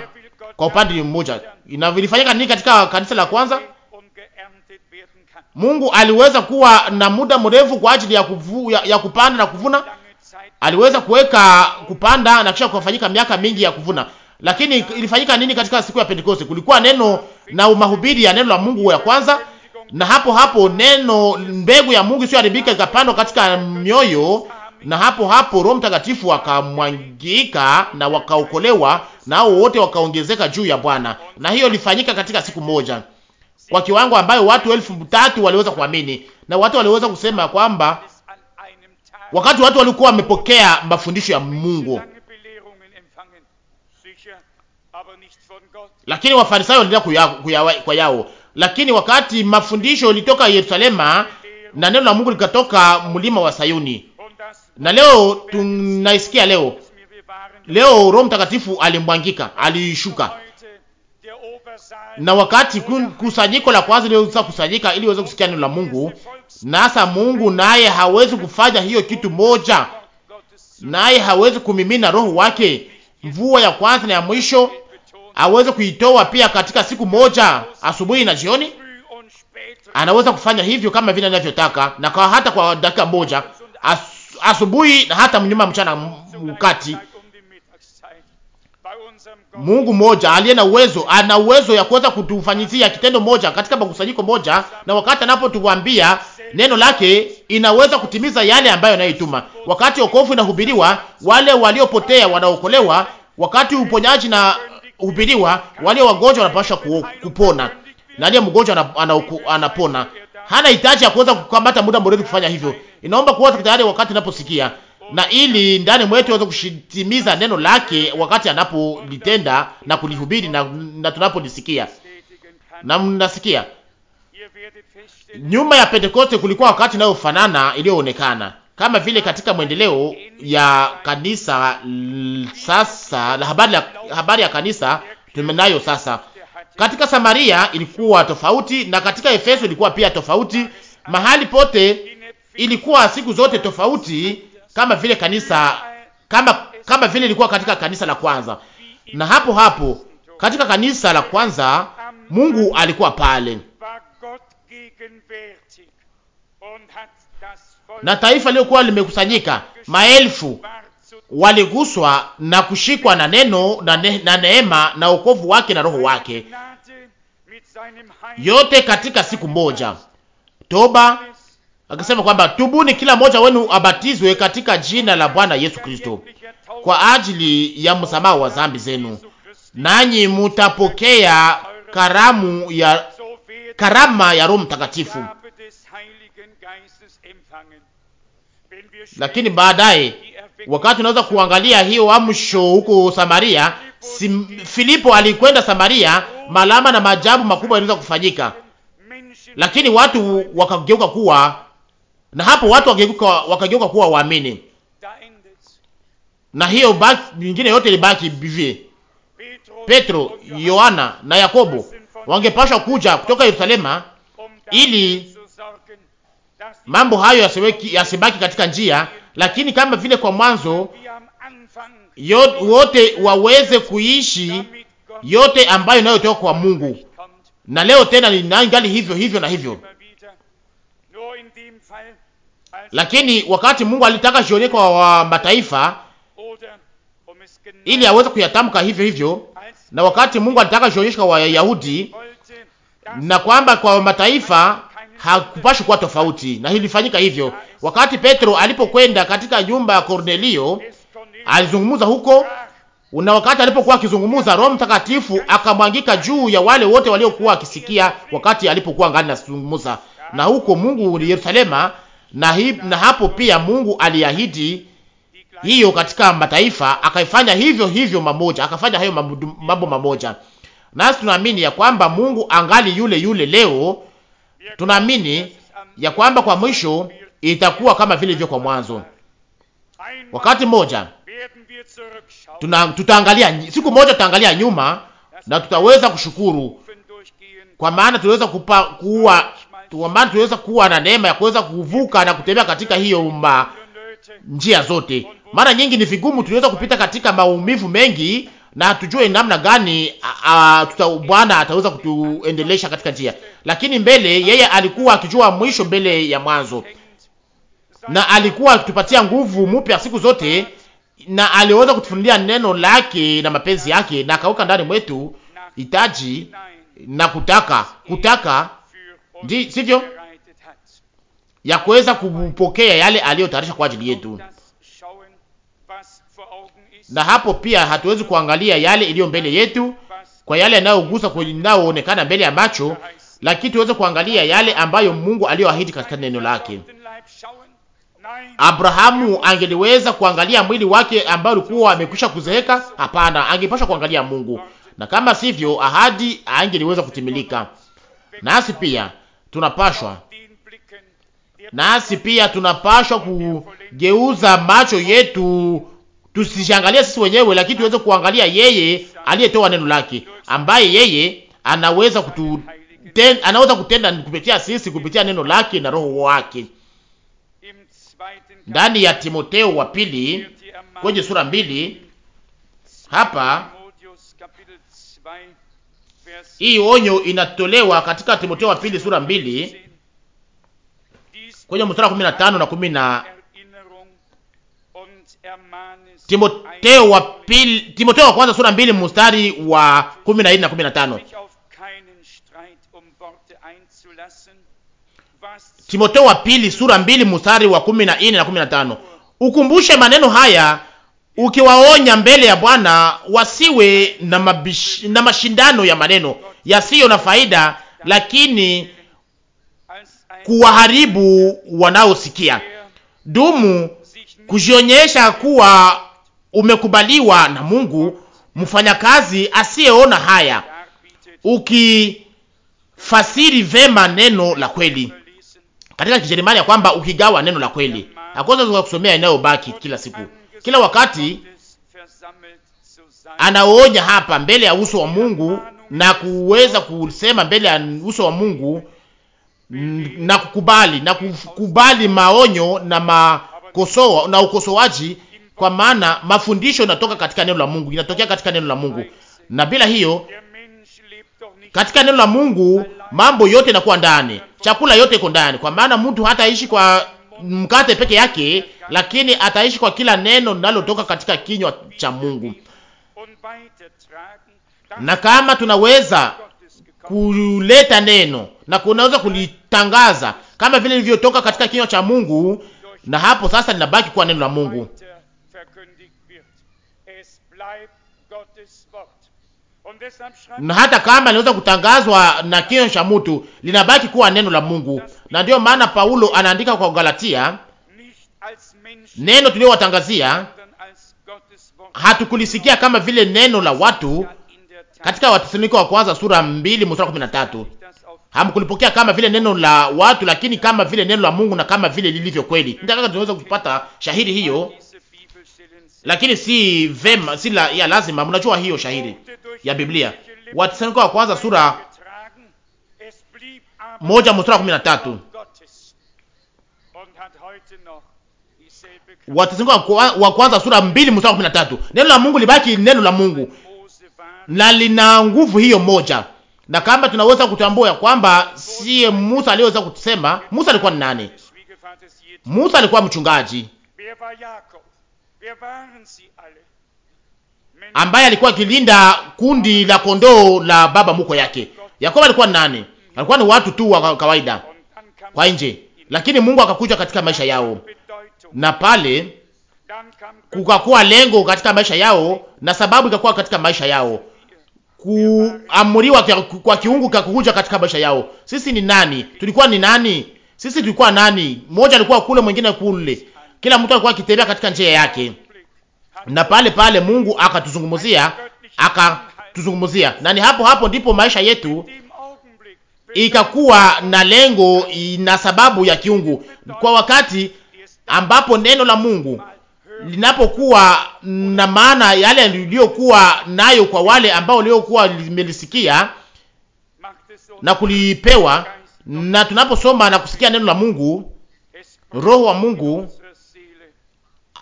kwa upande mmoja. Inavilifanyika nini katika kanisa la kwanza? Mungu aliweza kuwa na muda mrefu kwa ajili ya, kufu, ya, ya kupanda na kuvuna. Aliweza kuweka kupanda na kisha kufanyika miaka mingi ya kuvuna. Lakini ilifanyika nini katika siku ya Pentekoste? Kulikuwa neno na mahubiri ya neno la Mungu ya kwanza, na hapo hapo neno, mbegu ya Mungu isiyoharibika ikapandwa katika mioyo na hapo hapo Roho Mtakatifu wakamwangika na wakaokolewa, nao wote wakaongezeka juu ya Bwana, na hiyo ilifanyika katika siku moja kwa kiwango ambayo watu elfu tatu waliweza kuamini, na watu waliweza kusema kwamba wakati watu walikuwa wamepokea mafundisho ya Mungu, lakini wafarisayo walienda kwa yao. Lakini wakati mafundisho ilitoka Yerusalema na neno la Mungu likatoka mlima wa Sayuni, na leo tunaisikia leo leo, Roho Mtakatifu alimwangika, aliishuka na wakati kusanyiko la kwanza liweza kusanyika ili iweze kusikia neno la Mungu. Na sasa Mungu naye hawezi kufanya hiyo kitu moja, naye hawezi kumimina roho wake mvua ya kwanza na ya mwisho, aweze kuitoa pia katika siku moja, asubuhi na jioni. Anaweza kufanya hivyo kama vile anavyotaka, na kwa hata kwa dakika moja, as, asubuhi na hata mnyuma mchana mkati. Mungu mmoja aliye na uwezo, ana uwezo ya kuweza kutufanyizia kitendo moja katika makusanyiko moja, na wakati anapotuambia neno lake inaweza kutimiza yale ambayo anayoituma. Wakati wokovu inahubiriwa, wale waliopotea wanaokolewa. Wakati uponyaji na hubiriwa, walio wagonjwa wanapaswa kupona, na aliye mgonjwa anapona hana hitaji ya kuweza kukamata muda mrefu kufanya hivyo. Inaomba kuwa tayari wakati anaposikia na ili ndani mwetu aweze kushitimiza neno lake wakati anapolitenda na kulihubiri na, na tunapolisikia na mnasikia. Nyuma ya Pentekoste kulikuwa wakati inayofanana iliyoonekana kama vile katika mwendeleo ya kanisa sasa, la habari ya, habari ya kanisa tumenayo sasa katika Samaria ilikuwa tofauti, na katika Efeso ilikuwa pia tofauti. Mahali pote ilikuwa siku zote tofauti, kama vile kanisa kama kama vile ilikuwa katika kanisa la kwanza. Na hapo hapo katika kanisa la kwanza Mungu alikuwa pale na taifa lilikuwa limekusanyika maelfu waliguswa na kushikwa na neno na, ne, na neema na wokovu wake na roho wake yote katika siku moja. Toba akisema kwamba tubuni, kila mmoja wenu abatizwe katika jina la Bwana Yesu Kristo kwa ajili ya msamaha wa dhambi zenu, nanyi mutapokea karamu ya karama ya Roho Mtakatifu. Lakini baadaye wakati unaweza kuangalia hiyo amsho huko Samaria, si Filipo alikwenda Samaria, malama na maajabu makubwa yanaweza kufanyika, lakini watu wakageuka kuwa na hapo watu wakageuka, wakageuka kuwa waamini, na hiyo baki nyingine yote ilibaki bivie. Petro, Yohana na Yakobo wangepashwa kuja kutoka Yerusalema ili mambo hayo yasibaki katika njia, lakini kama vile kwa mwanzo wote waweze kuishi yote ambayo inayotoka kwa Mungu. Na leo tena ningali hivyo hivyo na hivyo, lakini wakati Mungu alitaka jionie kwa wa mataifa ili aweze kuyatamka hivyo hivyo, na wakati Mungu alitaka jionyesha kwa Wayahudi na kwamba kwa mataifa hakupashi kuwa tofauti, na ilifanyika hivyo wakati Petro alipokwenda katika nyumba ya Kornelio, alizungumza huko na wakati alipokuwa akizungumza, Roho Mtakatifu akamwangika juu ya wale wote waliokuwa akisikia wakati alipokuwa ngani nazungumza. Na huko Mungu ni Yerusalema, na, hi, na hapo pia Mungu aliahidi hiyo katika mataifa, akaifanya hivyo hivyo mamoja, akafanya hayo mambo mamoja. Nasi tunaamini ya kwamba Mungu angali yule yule leo Tunaamini ya kwamba kwa mwisho itakuwa kama vile vyo kwa mwanzo. Wakati mmoja tuna tutaangalia, siku moja tutaangalia nyuma na tutaweza kushukuru, kwa maana tuliweza kupa kuwa, kwa maana tuliweza kuwa na neema ya kuweza kuvuka na kutembea katika hiyo ma njia zote. Mara nyingi ni vigumu, tuliweza kupita katika maumivu mengi na tujue namna gani Bwana ataweza kutuendelesha katika njia. Lakini mbele yeye alikuwa akijua mwisho mbele ya mwanzo, na alikuwa akitupatia nguvu mpya siku zote, na aliweza kutufunulia neno lake na mapenzi yake, na akaweka ndani mwetu hitaji na kutaka kutaka, ndi sivyo, ya kuweza kupokea yale aliyotayarisha kwa ajili yetu na hapo pia hatuwezi kuangalia yale iliyo mbele yetu kwa yale yanayogusa inayoonekana mbele ya macho, lakini tuweze kuangalia yale ambayo Mungu aliyoahidi katika neno lake. Abrahamu angeliweza kuangalia mwili wake ambao ulikuwa amekwisha kuzeeka? Hapana, angepasha kuangalia Mungu, na kama sivyo, ahadi angeliweza kutimilika. Nasi pia tunapashwa nasi pia tunapashwa kugeuza macho yetu tusijiangalie sisi wenyewe, lakini tuweze kuangalia yeye aliyetoa neno lake, ambaye yeye anaweza kutu ten, anaweza kutenda kupitia sisi, kupitia neno lake na roho wake. Ndani ya Timoteo wa pili kwenye sura mbili hapa hii onyo inatolewa katika Timotheo wa pili sura mbili kwenye mstari wa 15 na Timoteo wa pili, Timoteo wa kwanza sura mbili mstari wa 14 na 15. Timoteo wa pili sura mbili mstari wa 14 na 15. Ukumbushe maneno haya ukiwaonya mbele ya Bwana wasiwe na, mabish, na mashindano ya maneno yasiyo na faida, lakini kuwaharibu wanaosikia. Dumu kujionyesha kuwa umekubaliwa na Mungu, mfanyakazi asiyeona haya, ukifasiri vema neno la kweli katika Kijerumani, ya kwamba ukigawa neno la kweli akoza kusomea inayobaki kila siku, kila wakati anaonya hapa mbele ya uso wa Mungu na kuweza kusema mbele ya uso wa Mungu na kukubali na kukubali maonyo na makosoa na ukosoaji kwa maana mafundisho inatoka katika neno la Mungu, inatokea katika neno la Mungu, na bila hiyo katika neno la Mungu mambo yote yanakuwa ndani, chakula yote iko ndani, kwa maana mtu hataishi kwa mkate peke yake, lakini ataishi kwa kila neno linalotoka katika kinywa cha Mungu. Na kama tunaweza kuleta neno na kunaweza kulitangaza kama vile lilivyotoka katika kinywa cha Mungu, na hapo sasa linabaki kuwa neno la Mungu na hata kama linaweza kutangazwa na kinywa cha mtu, linabaki kuwa neno la Mungu. Na ndiyo maana Paulo anaandika kwa Galatia, neno tuliyowatangazia hatukulisikia kama vile neno la watu, katika Wathesalonike wa kwanza sura mbili mstari 13 na hamkulipokea kama vile neno la watu, lakini kama vile neno la Mungu na kama vile lilivyo kweli. Ndio tunaweza kupata shahidi hiyo lakini si vema, si la, ya lazima. Mnajua hiyo shahiri ya Biblia Wathesalonike wa kwanza sura moja mstari kumi na tatu. Wathesalonike wa kwanza sura mbili mstari kumi na tatu. Neno la Mungu libaki neno la Mungu na lina nguvu hiyo moja, na kama tunaweza kutambua ya kwamba siye Musa aliyeweza kusema. Musa alikuwa ni nani? Musa alikuwa mchungaji ambaye alikuwa akilinda kundi la kondoo la baba mkwe yake. Yakobo alikuwa nani? Alikuwa ni watu tu wa kawaida kwa nje, lakini Mungu akakuja katika maisha yao, na pale kukakuwa lengo katika maisha yao, na sababu ikakuwa katika maisha yao, kuamriwa kwa kiungu kakuja katika maisha yao. Sisi ni nani? Tulikuwa ni nani? Sisi tulikuwa nani? Mmoja alikuwa kule, mwingine kule, kila mtu alikuwa akitembea katika njia yake, na pale pale Mungu akatuzungumzia, akatuzungumzia, na ni hapo hapo ndipo maisha yetu ikakuwa na lengo na sababu ya kiungu, kwa wakati ambapo neno la Mungu linapokuwa na maana yale yaliyokuwa nayo kwa wale ambao waliokuwa limelisikia na kulipewa, na tunaposoma na kusikia neno la Mungu, roho wa Mungu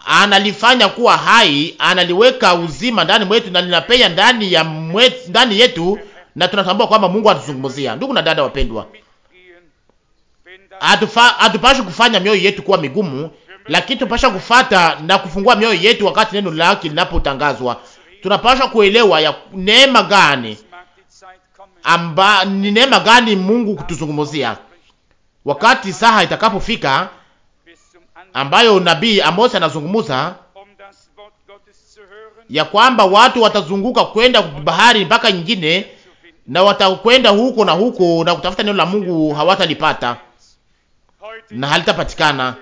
analifanya kuwa hai, analiweka uzima ndani mwetu na linapenya ndani ya mwetu, ndani yetu, na tunatambua kwamba Mungu anatuzungumzia. Ndugu na dada wapendwa, hatupashi kufanya mioyo yetu kuwa migumu, lakini tunapasha kufata na kufungua mioyo yetu wakati neno lake linapotangazwa. Tunapasha kuelewa ya neema gani amba, ni neema gani Mungu kutuzungumzia wakati saha itakapofika ambayo nabii Amosi anazungumuza ya kwamba watu watazunguka kwenda bahari mpaka nyingine, na watakwenda huko na huko na kutafuta neno la Mungu, hawatalipata na halitapatikana.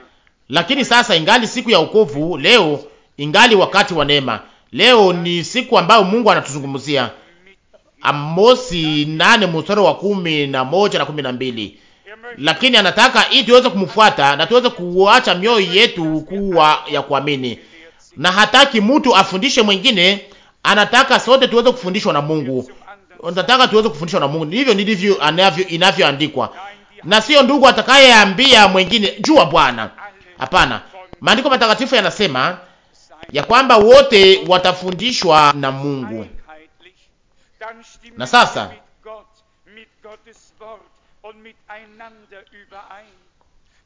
Lakini sasa ingali siku ya wokovu, leo ingali wakati wa neema, leo ni siku ambayo Mungu anatuzungumzia. Amosi nane mstari wa kumi na moja na kumi na mbili lakini anataka ili tuweze kumfuata na tuweze kuacha mioyo yetu kuwa ya kuamini, na hataki mtu afundishe mwingine, anataka sote tuweze kufundishwa na Mungu. Anataka tuweze kufundishwa na Mungu, hivyo ndivyo anavyo inavyoandikwa, na sio ndugu atakayeambia mwingine jua Bwana. Hapana, maandiko matakatifu yanasema ya kwamba wote watafundishwa na Mungu. Na sasa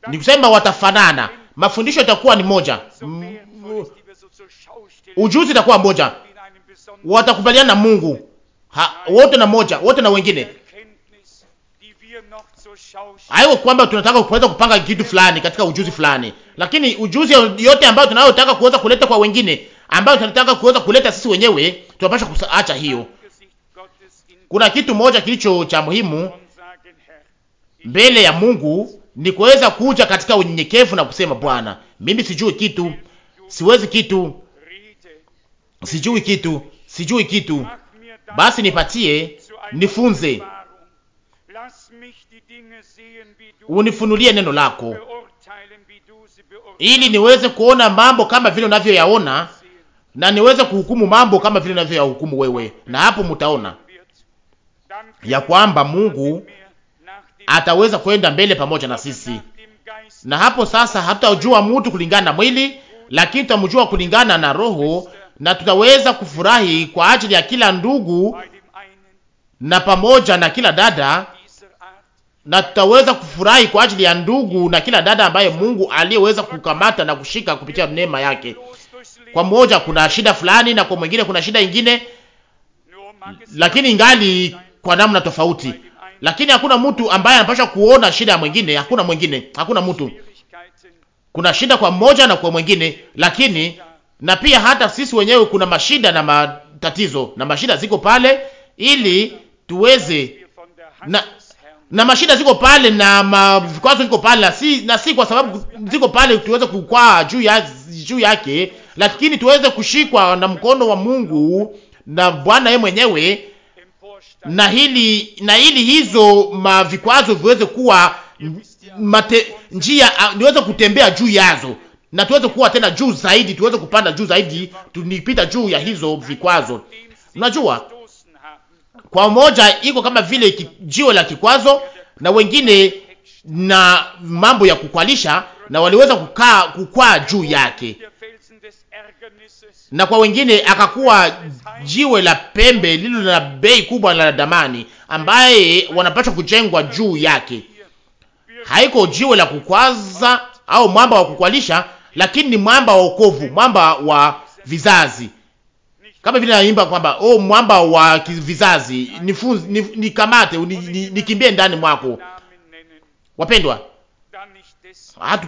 ni kusema watafanana, mafundisho itakuwa ni moja, mm, mm. ujuzi itakuwa moja, watakubaliana na Mungu wote na moja, wote na wengine. Hayo kwamba tunataka kuweza kupanga kitu fulani katika ujuzi fulani, lakini ujuzi yote ambayo tunayotaka kuweza kuleta kwa wengine, ambayo tunataka kuweza kuleta sisi wenyewe, tunapaswa kuacha hiyo. Kuna kitu moja kilicho cha muhimu mbele ya Mungu ni kuweza kuja katika unyenyekevu na kusema, Bwana, mimi sijui kitu, siwezi kitu, sijui kitu, sijui kitu, basi nipatie, nifunze, unifunulie neno lako ili niweze kuona mambo kama vile unavyoyaona na niweze kuhukumu mambo kama vile unavyoyahukumu wewe, na hapo mtaona ya kwamba Mungu ataweza kwenda mbele pamoja na sisi, na hapo sasa hatutajua mtu kulingana na mwili, lakini tutamjua kulingana na Roho, na tutaweza kufurahi kwa ajili ya kila ndugu na pamoja na kila dada, na tutaweza kufurahi kwa ajili ya ndugu na kila dada ambaye Mungu aliyeweza kukamata na kushika kupitia neema yake. Kwa mmoja kuna shida fulani na kwa mwingine kuna shida ingine, lakini ingali kwa namna tofauti lakini hakuna mtu ambaye anapasha kuona shida ya mwingine. Hakuna mwingine, hakuna mtu. Kuna shida kwa mmoja na kwa mwingine, lakini na pia hata sisi wenyewe kuna mashida na matatizo, na mashida ziko pale ili tuweze na, na mashida ziko pale na vikwazo viko pale na si, na si kwa sababu ziko pale tuweze kukwaa juu ya juu yake, lakini tuweze kushikwa na mkono wa Mungu na Bwana yeye mwenyewe na hili na hili hizo mavikwazo viweze kuwa mate, njia niweze kutembea juu yazo na tuweze kuwa tena juu zaidi, tuweze kupanda juu zaidi, tunipita juu ya hizo vikwazo. Unajua, kwa moja iko kama vile jiwe la kikwazo, na wengine na mambo ya kukwalisha, na waliweza kukaa kukwaa juu yake na kwa wengine akakuwa jiwe la pembe lilo la bei kubwa la damani, ambaye wanapaswa kujengwa juu yake. Haiko jiwe la kukwaza au mwamba wa kukwalisha, lakini ni mwamba wa wokovu, mwamba wa vizazi, kama vile naimba kwamba oh, mwamba wa vizazi, nikamate, nikimbie ndani mwako. Wapendwa, hatu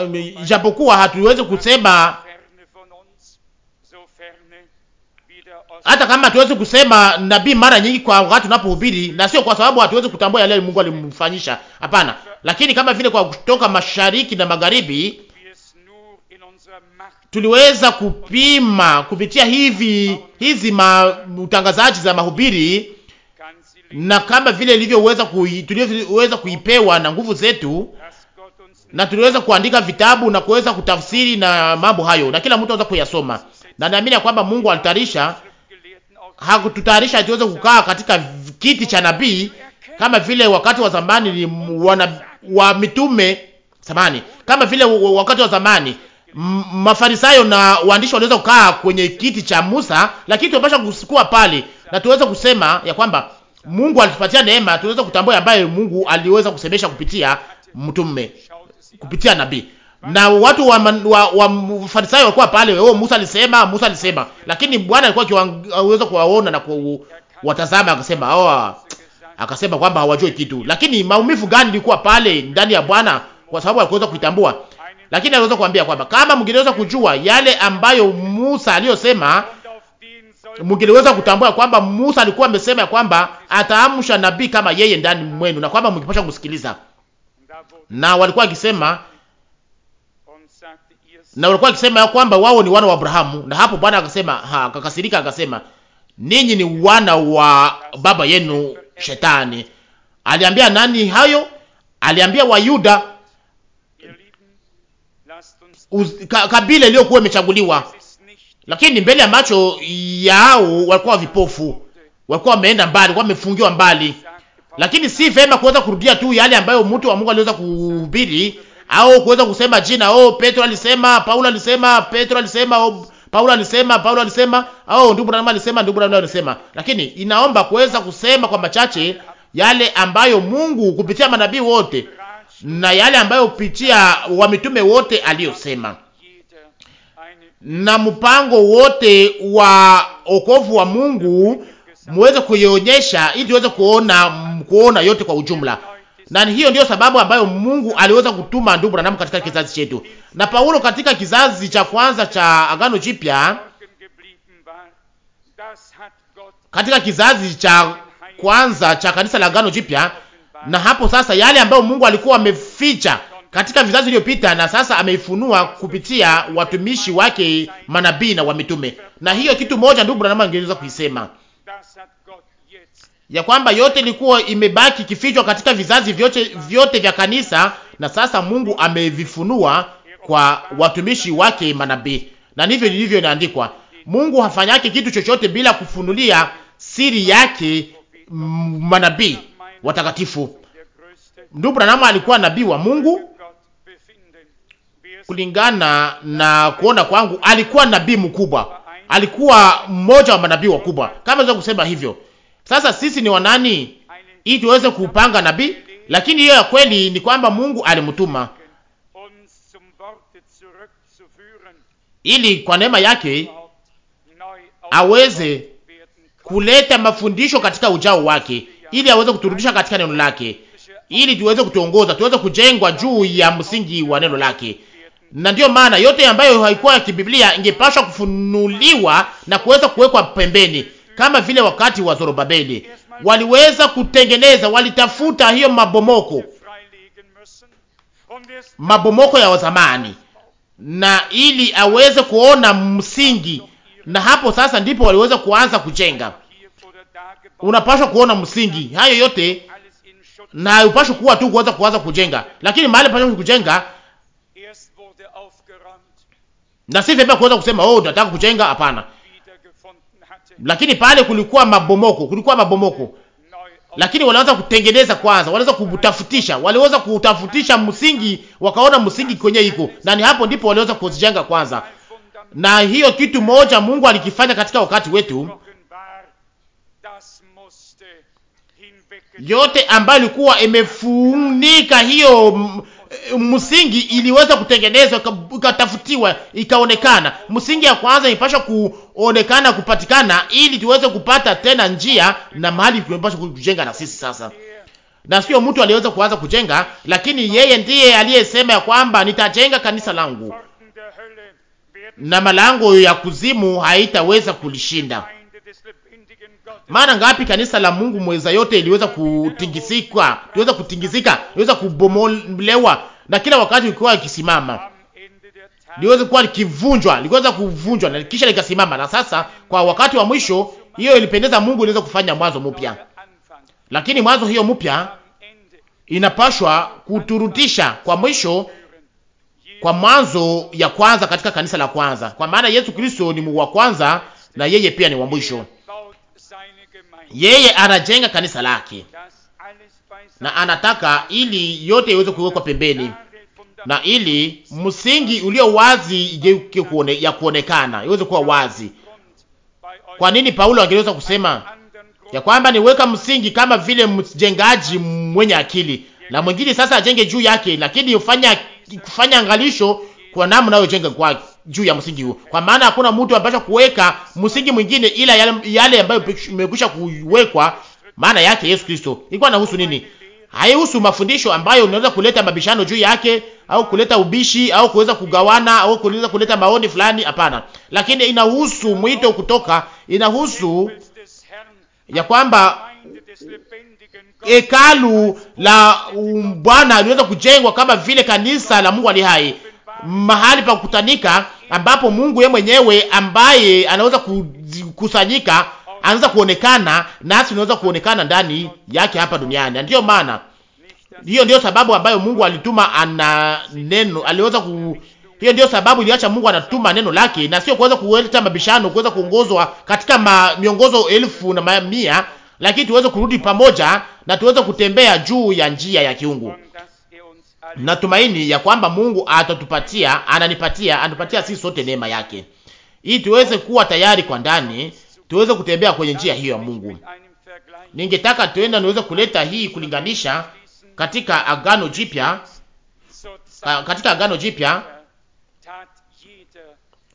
Ähm, japokuwa hatuwezi kusema hata kama hatuwezi kusema nabii mara nyingi kwa wakati tunapohubiri, na sio kwa sababu hatuwezi kutambua yale Mungu alimfanyisha, hapana, lakini kama vile kwa kutoka mashariki na magharibi tuliweza kupima kupitia hivi hizi utangazaji za mahubiri na kama vile ilivyoweza kui, kuipewa na nguvu zetu, na tuliweza kuandika vitabu na kuweza kutafsiri na mambo hayo, na kila mtu anaweza kuyasoma, na naamini kwamba Mungu alitayarisha, hakututayarisha tuweze kukaa katika kiti cha nabii kama vile wakati wa zamani ni wana, wa mitume zamani, kama vile wakati wa zamani Mafarisayo na waandishi waliweza kukaa kwenye kiti cha Musa, lakini tunapaswa kusikua pale na tuweze kusema ya kwamba Mungu alitupatia neema tuweze kutambua ambaye Mungu aliweza kusemesha kupitia mtume, kupitia nabii. Na watu wa wa, wa Farisayo walikuwa pale, oh, Musa alisema, Musa alisema, lakini Bwana alikuwa akiweza kuwaona na kuwatazama, akasema oh, akasema kwamba hawajui kitu. Lakini maumivu gani ilikuwa pale ndani ya Bwana, kwa sababu alikuweza kuitambua. Lakini aliweza kuambia kwamba kama mngeweza kujua yale ambayo Musa aliyosema mungeliweza kutambua kwamba Musa alikuwa amesema ya kwamba ataamsha nabii kama yeye ndani mwenu, na kwamba mungepasha kumsikiliza. Na walikuwa akisema na walikuwa akisema ya kwamba wao ni wana wa Abrahamu, na hapo Bwana akasema ha, akakasirika akasema, ninyi ni wana wa baba yenu Shetani. Aliambia nani hayo? Aliambia Wayuda, kabila iliyokuwa imechaguliwa lakini mbele ya macho yao walikuwa vipofu, walikuwa wameenda mbali, walikuwa wamefungiwa mbali. Lakini si vema kuweza kurudia tu yale ambayo mtu wa Mungu aliweza kuhubiri au kuweza kusema jina. Oh, Petro alisema, Paulo alisema, Petro alisema, oh, Paulo alisema, Paulo alisema, oh, ndugu Branham alisema, ndugu Branham alisema. Lakini inaomba kuweza kusema kwa machache yale ambayo Mungu kupitia manabii wote na yale ambayo kupitia wamitume wote aliyosema na mpango wote wa okovu wa Mungu muweze kuionyesha, ili tuweze kuona kuona yote kwa ujumla. Na hiyo ndiyo sababu ambayo Mungu aliweza kutuma ndugu Branham katika kizazi chetu, na Paulo katika kizazi cha kwanza cha Agano Jipya, katika kizazi cha kwanza cha kanisa la Agano Jipya. Na hapo sasa, yale ambayo Mungu alikuwa ameficha katika vizazi iliyopita, na sasa ameifunua kupitia watumishi wake manabii na wa mitume. Na hiyo kitu moja, ndugu Branham angeweza kuisema ya kwamba yote ilikuwa imebaki kifichwa katika vizazi vyote, vyote vya kanisa, na sasa Mungu amevifunua kwa watumishi wake manabii, na ndivyo ndivyo inaandikwa. Mungu hafanyake kitu chochote bila kufunulia siri yake manabii watakatifu. Ndugu Branham alikuwa nabii wa Mungu kulingana na kuona kwangu, alikuwa nabii mkubwa, alikuwa mmoja wa manabii wakubwa, kama naweza kusema hivyo. Sasa sisi ni wanani ili tuweze kupanga nabii? Lakini hiyo ya kweli ni kwamba Mungu alimtuma ili kwa neema yake aweze kuleta mafundisho katika ujao wake, ili aweze kuturudisha katika neno lake, ili tuweze kutuongoza, tuweze kujengwa juu ya msingi wa neno lake, na ndiyo maana yote ambayo haikuwa ya kibiblia ingepashwa kufunuliwa na kuweza kuwekwa pembeni, kama vile wakati wa Zorobabeli waliweza kutengeneza, walitafuta hiyo mabomoko mabomoko ya wazamani, na ili aweze kuona msingi, na hapo sasa ndipo waliweza kuanza kujenga. Unapashwa kuona msingi, hayo yote na upashwa kuwa tu kuweza kuanza kujenga, lakini mahali pasha kujenga na si vyema kuweza kusema oh, tunataka kujenga. Hapana, lakini pale kulikuwa mabomoko, kulikuwa mabomoko, lakini waliweza kutengeneza kwanza, waliweza kutafutisha, waliweza kutafutisha msingi, wakaona msingi kwenye iko na ni hapo ndipo waliweza kujenga kwanza. Na hiyo kitu moja Mungu alikifanya katika wakati wetu yote ambayo ilikuwa imefunika hiyo msingi iliweza kutengenezwa ikatafutiwa ikaonekana. Msingi ya kwanza ipasha kuonekana kupatikana, ili tuweze kupata tena njia na mahali tumepasha kujenga na sisi sasa, na sio mtu aliweza kuanza kujenga, lakini yeye ndiye aliyesema ya kwamba nitajenga kanisa langu na malango ya kuzimu haitaweza kulishinda. Maana ngapi kanisa la Mungu mweza yote iliweza kutingizika, iliweza kutingizika, iliweza kubomolewa na kila wakati ilikuwa ikisimama, liweze kuwa likivunjwa, liweza kuvunjwa na kisha likasimama. Na sasa kwa wakati wa mwisho, hiyo ilipendeza Mungu iliweza kufanya mwanzo mpya, lakini mwanzo hiyo mpya inapashwa kuturutisha kwa mwisho kwa mwanzo ya kwanza katika kanisa la kwanza, kwa maana Yesu Kristo ni wa kwanza na yeye pia ni wa mwisho. Yeye anajenga kanisa lake na anataka ili yote iweze kuwekwa pembeni na ili msingi ulio wazi kuone, ya kuonekana iweze kuwa wazi. Kwa nini Paulo angeweza kusema ya kwamba niweka msingi kama vile mjengaji mwenye akili na mwingine sasa ajenge juu yake, lakini ufanya kufanya angalisho kwa namna unayojenga kwa juu ya msingi huo, kwa maana hakuna mtu ambaye kuweka msingi mwingine ila yale, yale ambayo imekwisha kuwekwa, maana yake Yesu Kristo. Ilikuwa inahusu nini? haihusu mafundisho ambayo unaweza kuleta mabishano juu yake au kuleta ubishi au kuweza kugawana au kuweza kuleta maoni fulani. Hapana, lakini inahusu mwito kutoka, inahusu ya kwamba hekalu la Bwana liweza kujengwa kama vile kanisa la Mungu ali hai, mahali pa kukutanika ambapo Mungu yeye mwenyewe ambaye anaweza kukusanyika anaweza kuonekana nasi tunaweza kuonekana ndani yake hapa duniani. Ndiyo maana hiyo ndio sababu ambayo Mungu alituma ana neno aliweza ku hiyo ndio sababu iliacha Mungu anatuma neno lake, na sio kuweza kuleta mabishano, kuweza kuongozwa katika ma, miongozo elfu na mamia, lakini tuweze kurudi pamoja na tuweze kutembea juu ya njia ya kiungu. Natumaini ya kwamba Mungu atatupatia, ananipatia, anatupatia sisi sote neema yake, ili tuweze kuwa tayari kwa ndani tuweze kutembea kwenye njia hiyo ya Mungu. Ningetaka tuenda niweze kuleta hii kulinganisha katika Agano Jipya, katika Agano Jipya,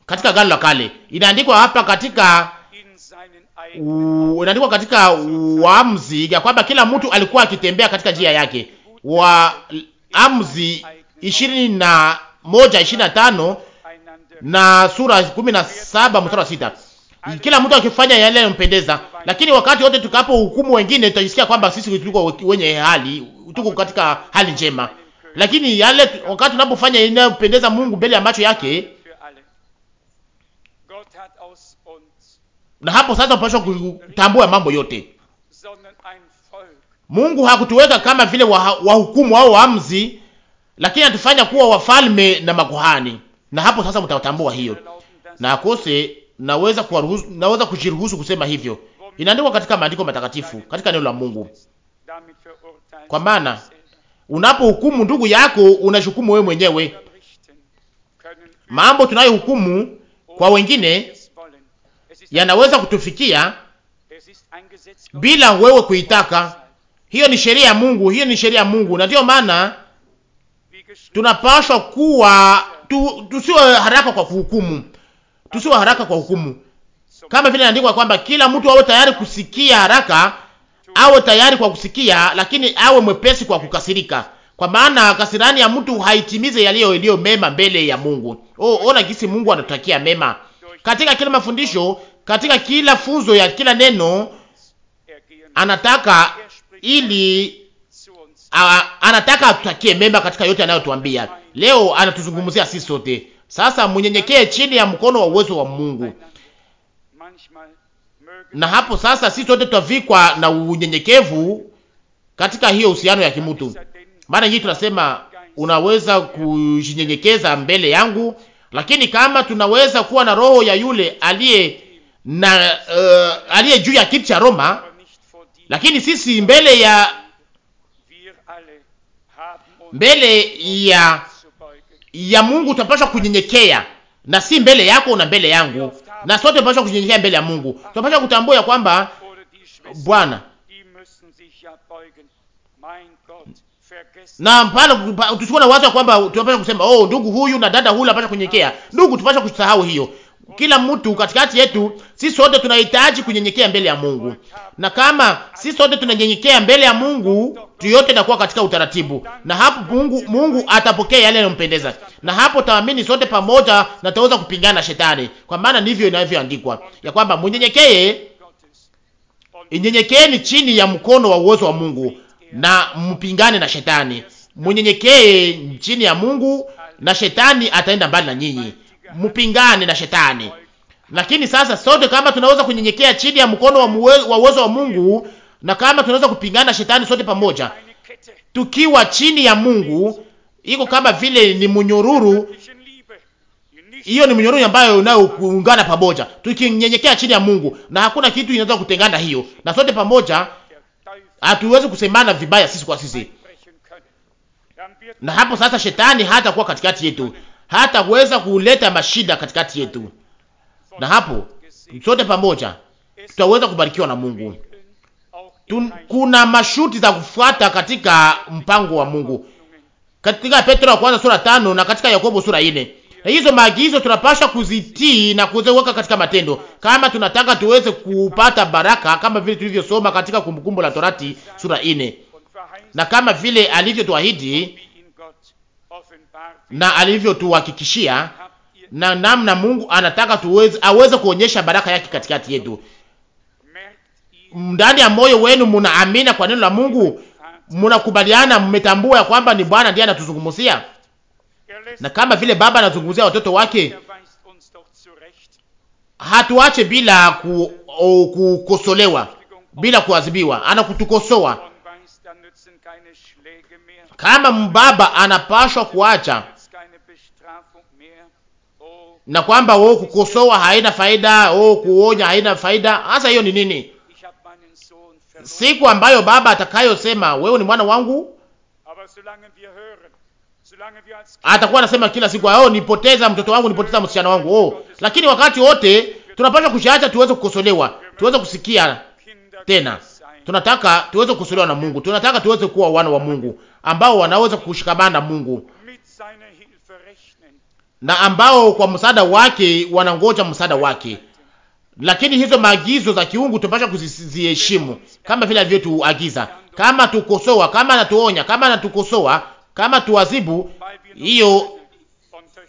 katika Agano la Kale inaandikwa hapa katika inaandikwa katika Waamuzi ya kwamba kila mtu alikuwa akitembea katika njia yake. Waamuzi ishirini na moja ishirini na tano na sura kumi na saba mstari wa sita kila mtu akifanya yale yanayompendeza. Lakini wakati wote tukapo hukumu wengine, tutajisikia kwamba sisi tuko wenye hali, tuko katika hali njema. Lakini yale wakati tunapofanya inayopendeza Mungu mbele ya macho yake, na hapo sasa tunapaswa kutambua mambo yote. Mungu hakutuweka kama vile wahukumu wa au waamzi, lakini atufanya kuwa wafalme na makuhani, na hapo sasa mtatambua hiyo na kose naweza kuwaruhusu, naweza kujiruhusu kusema hivyo. Inaandikwa katika maandiko matakatifu, katika neno la Mungu, kwa maana unapohukumu ndugu yako unashukumu wewe mwenyewe. Mambo tunayohukumu kwa wengine yanaweza kutufikia bila wewe kuitaka. Hiyo ni sheria ya Mungu, hiyo ni sheria ya Mungu, na ndiyo maana tunapaswa kuwa tusiwe haraka kwa kuhukumu, tusiwe haraka kwa hukumu, kama vile inaandikwa kwamba kila mtu awe tayari kusikia haraka, awe tayari kwa kusikia, lakini awe mwepesi kwa kukasirika, kwa maana kasirani ya mtu haitimize yaliyo iliyo mema mbele ya Mungu. Oh, ona gisi Mungu anatutakia mema katika kila mafundisho, katika kila funzo ya kila neno anataka ili a, anataka atutakie mema katika yote anayotuambia. Leo anatuzungumzia sisi sote, sasa munyenyekee chini ya mkono wa uwezo wa Mungu, na hapo sasa sisi sote tutavikwa na unyenyekevu katika hiyo uhusiano ya kimutu. Maana hii tunasema unaweza kujinyenyekeza mbele yangu, lakini kama tunaweza kuwa na roho ya yule aliye na uh, aliye juu ya kiti cha Roma, lakini sisi mbele ya mbele ya ya Mungu tunapaswa kunyenyekea, na si mbele yako na mbele yangu, na sote tunapaswa kunyenyekea mbele ya Mungu. Tunapaswa kutambua ya kwamba Bwana na mpano tusikuwa na wazo kwamba tunapaswa kusema oh, ndugu huyu na dada huyu anapaswa kunyenyekea. Ndugu, tunapaswa kusahau hiyo. Kila mtu katikati yetu, sisi sote tunahitaji kunyenyekea mbele ya Mungu, na kama sisi sote tunanyenyekea mbele ya Mungu, tuyote inakuwa katika utaratibu, na hapo Mungu Mungu atapokea yale yanayompendeza, na hapo taamini sote pamoja na tutaweza kupingana na Shetani, kwa maana ndivyo inavyoandikwa ya kwamba mnyenyekee, inyenyekeeni chini ya mkono wa uwezo wa Mungu na mpingane na Shetani. Munyenyekee chini ya Mungu na Shetani ataenda mbali na nyinyi mpingane na shetani. Lakini sasa sote kama tunaweza kunyenyekea chini ya mkono wa uwezo wa Mungu na kama tunaweza kupingana na shetani sote pamoja, tukiwa chini ya Mungu, iko kama vile ni mnyororo. Hiyo ni mnyororo ambayo unayo kuungana pamoja, tukinyenyekea chini ya Mungu, na hakuna kitu inaweza kutengana hiyo, na sote pamoja hatuwezi kusemana vibaya sisi kwa sisi, na hapo sasa shetani hata kuwa katikati yetu, hata kuweza kuleta mashida katikati yetu, na hapo sote pamoja tutaweza kubarikiwa na Mungu. Tun, kuna mashuti za kufuata katika mpango wa Mungu katika Petro wa kwanza sura tano na katika Yakobo sura ine. Na hizo maagizo tunapasha kuzitii na kuziweka katika matendo kama tunataka tuweze kupata baraka, kama vile tulivyosoma katika Kumbukumbu la Torati sura ine na kama vile alivyotuahidi na alivyotuhakikishia na namna Mungu anataka tuweze aweze kuonyesha baraka yake katikati yetu. Ndani ya moyo wenu muna amina kwa neno la Mungu, munakubaliana mmetambua ya kwamba ni Bwana ndiye anatuzungumzia, na kama vile baba anazungumzia watoto wake, hatuache bila kukosolewa, bila kuadhibiwa, anakutukosoa kama mbaba anapashwa kuacha na kwamba wao kukosoa haina faida, wao kuonya haina faida. Hasa hiyo ni nini? Siku ambayo baba atakayosema wewe ni mwana wangu, atakuwa anasema kila siku, oh, nipoteza mtoto wangu, nipoteza msichana wangu. Oh, lakini wakati wote tunapaswa kushaacha tuweze kukosolewa, tuweze kusikia tena Tunataka tuweze kusuliwa na Mungu, tunataka tuweze kuwa wana wa Mungu ambao wanaweza kushikamana na Mungu na ambao kwa msaada wake wanangoja msaada wake. Lakini hizo maagizo za kiungu tunapasha kuziheshimu, kama vile alivyotuagiza. Kama tukosoa, kama anatuonya, kama anatukosoa, kama tuwazibu, hiyo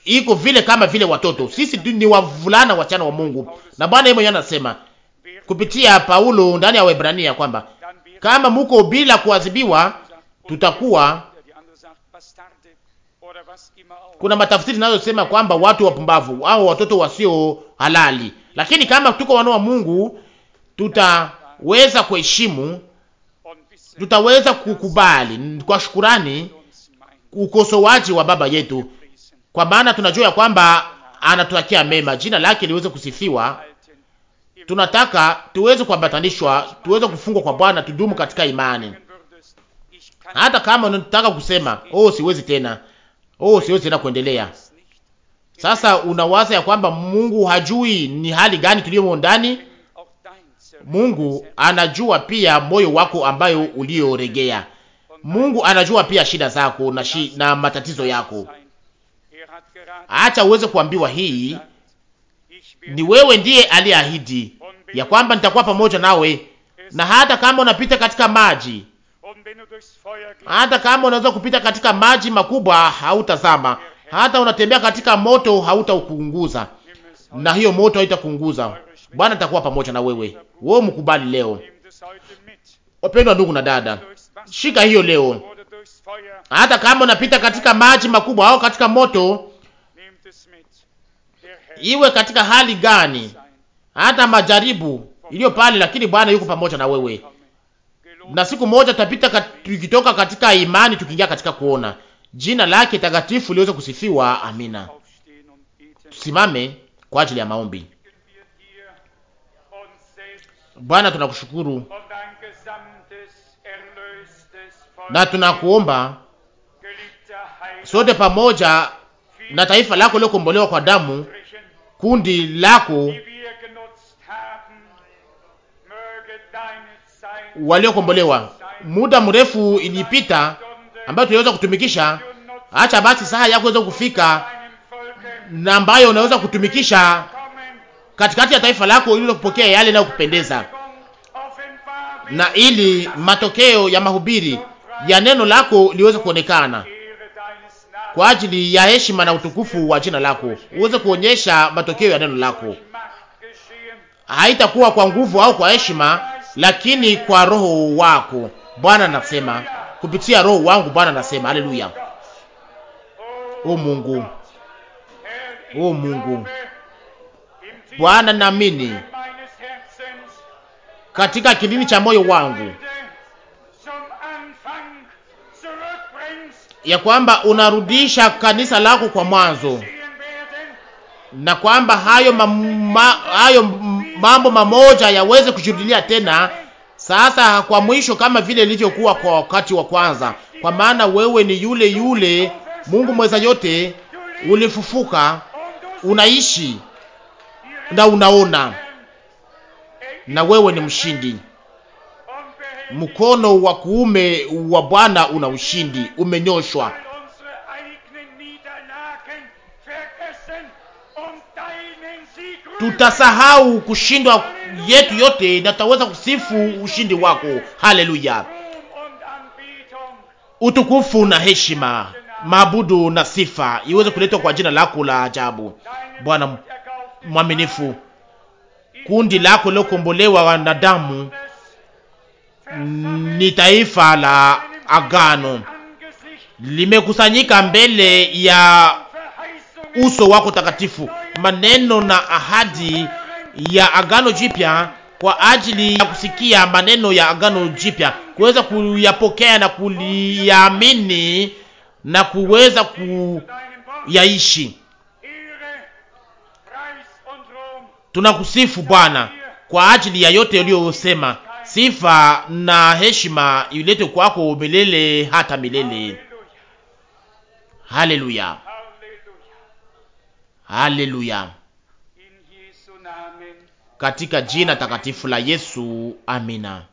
iko vile kama vile watoto. Sisi ni wavulana wachana wa Mungu, na Bwana yeye mwenyewe anasema kupitia Paulo ndani ya Waebrania kwamba kama muko bila kuadhibiwa, tutakuwa kuna matafsiri zinazosema kwamba watu wapumbavu au watoto wasio halali, lakini kama tuko wana wa Mungu tutaweza kuheshimu, tutaweza kukubali kwa shukurani ukosoaji wa baba yetu, kwa maana tunajua ya kwamba anatutakia mema, jina lake liweze kusifiwa tunataka tuweze kuambatanishwa, tuweze kufungwa kwa Bwana, tudumu katika imani, hata kama unataka kusema oh, siwezi tena, oh, siwezi tena kuendelea. Sasa unawaza ya kwamba Mungu hajui ni hali gani tuliyomo ndani. Mungu anajua pia moyo wako ambayo ulioregea. Mungu anajua pia shida zako na, shi, na matatizo yako. Acha uweze kuambiwa hii ni wewe ndiye aliyeahidi ya kwamba nitakuwa pamoja nawe, na hata kama unapita katika maji, hata kama unaweza kupita katika maji makubwa, hautazama. Hata unatembea katika moto, hautaukuunguza, na hiyo moto haitakuunguza. Bwana atakuwa pamoja na wewe. Wewe mkubali leo, wapendwa ndugu na dada, shika hiyo leo, hata kama unapita katika maji makubwa au katika moto iwe katika hali gani, hata majaribu iliyo pale, lakini Bwana yuko pamoja na wewe, na siku moja tutapita tukitoka katika imani tukiingia katika kuona. Jina lake takatifu liweze kusifiwa. Amina. Tusimame kwa ajili ya maombi. Bwana, tunakushukuru na tunakuomba sote pamoja na taifa lako lilokombolewa kwa damu kundi lako waliokombolewa. Muda mrefu ilipita ambayo tuliweza kutumikisha. Acha basi saa yako iweze kufika na ambayo unaweza kutumikisha katikati ya taifa lako ili kupokea yale yanayokupendeza, na ili matokeo ya mahubiri ya neno lako liweze kuonekana kwa ajili ya heshima na utukufu wa jina lako, uweze kuonyesha matokeo ya neno lako. Haitakuwa kwa nguvu au kwa heshima, lakini kwa roho wako Bwana anasema, kupitia roho wangu Bwana anasema. Haleluya! O Mungu, o Mungu Bwana, naamini katika kilini cha moyo wangu ya kwamba unarudisha kanisa lako kwa mwanzo na kwamba hayo, ma, hayo mambo mamoja yaweze kujirudia tena sasa kwa mwisho, kama vile ilivyokuwa kwa wakati wa kwanza, kwa maana wewe ni yule yule Mungu mweza yote, ulifufuka, unaishi na unaona, na wewe ni mshindi mkono wa kuume wa Bwana una ushindi, umenyoshwa. Tutasahau kushindwa yetu yote na tutaweza kusifu ushindi wako. Haleluya, utukufu na heshima, maabudu na sifa iweze kuletwa kwa jina lako la ajabu, Bwana mwaminifu. Kundi lako lilokombolewa wanadamu ni taifa la agano limekusanyika mbele ya uso wako takatifu. Maneno na ahadi ya agano jipya kwa ajili ya kusikia maneno ya agano jipya, kuweza kuyapokea na kuliamini na kuweza kuyaishi. Tunakusifu Bwana kwa ajili ya yote uliyosema Sifa na heshima iletwe kwako milele hata milele. Haleluya, haleluya, katika jina takatifu la Yesu, amina.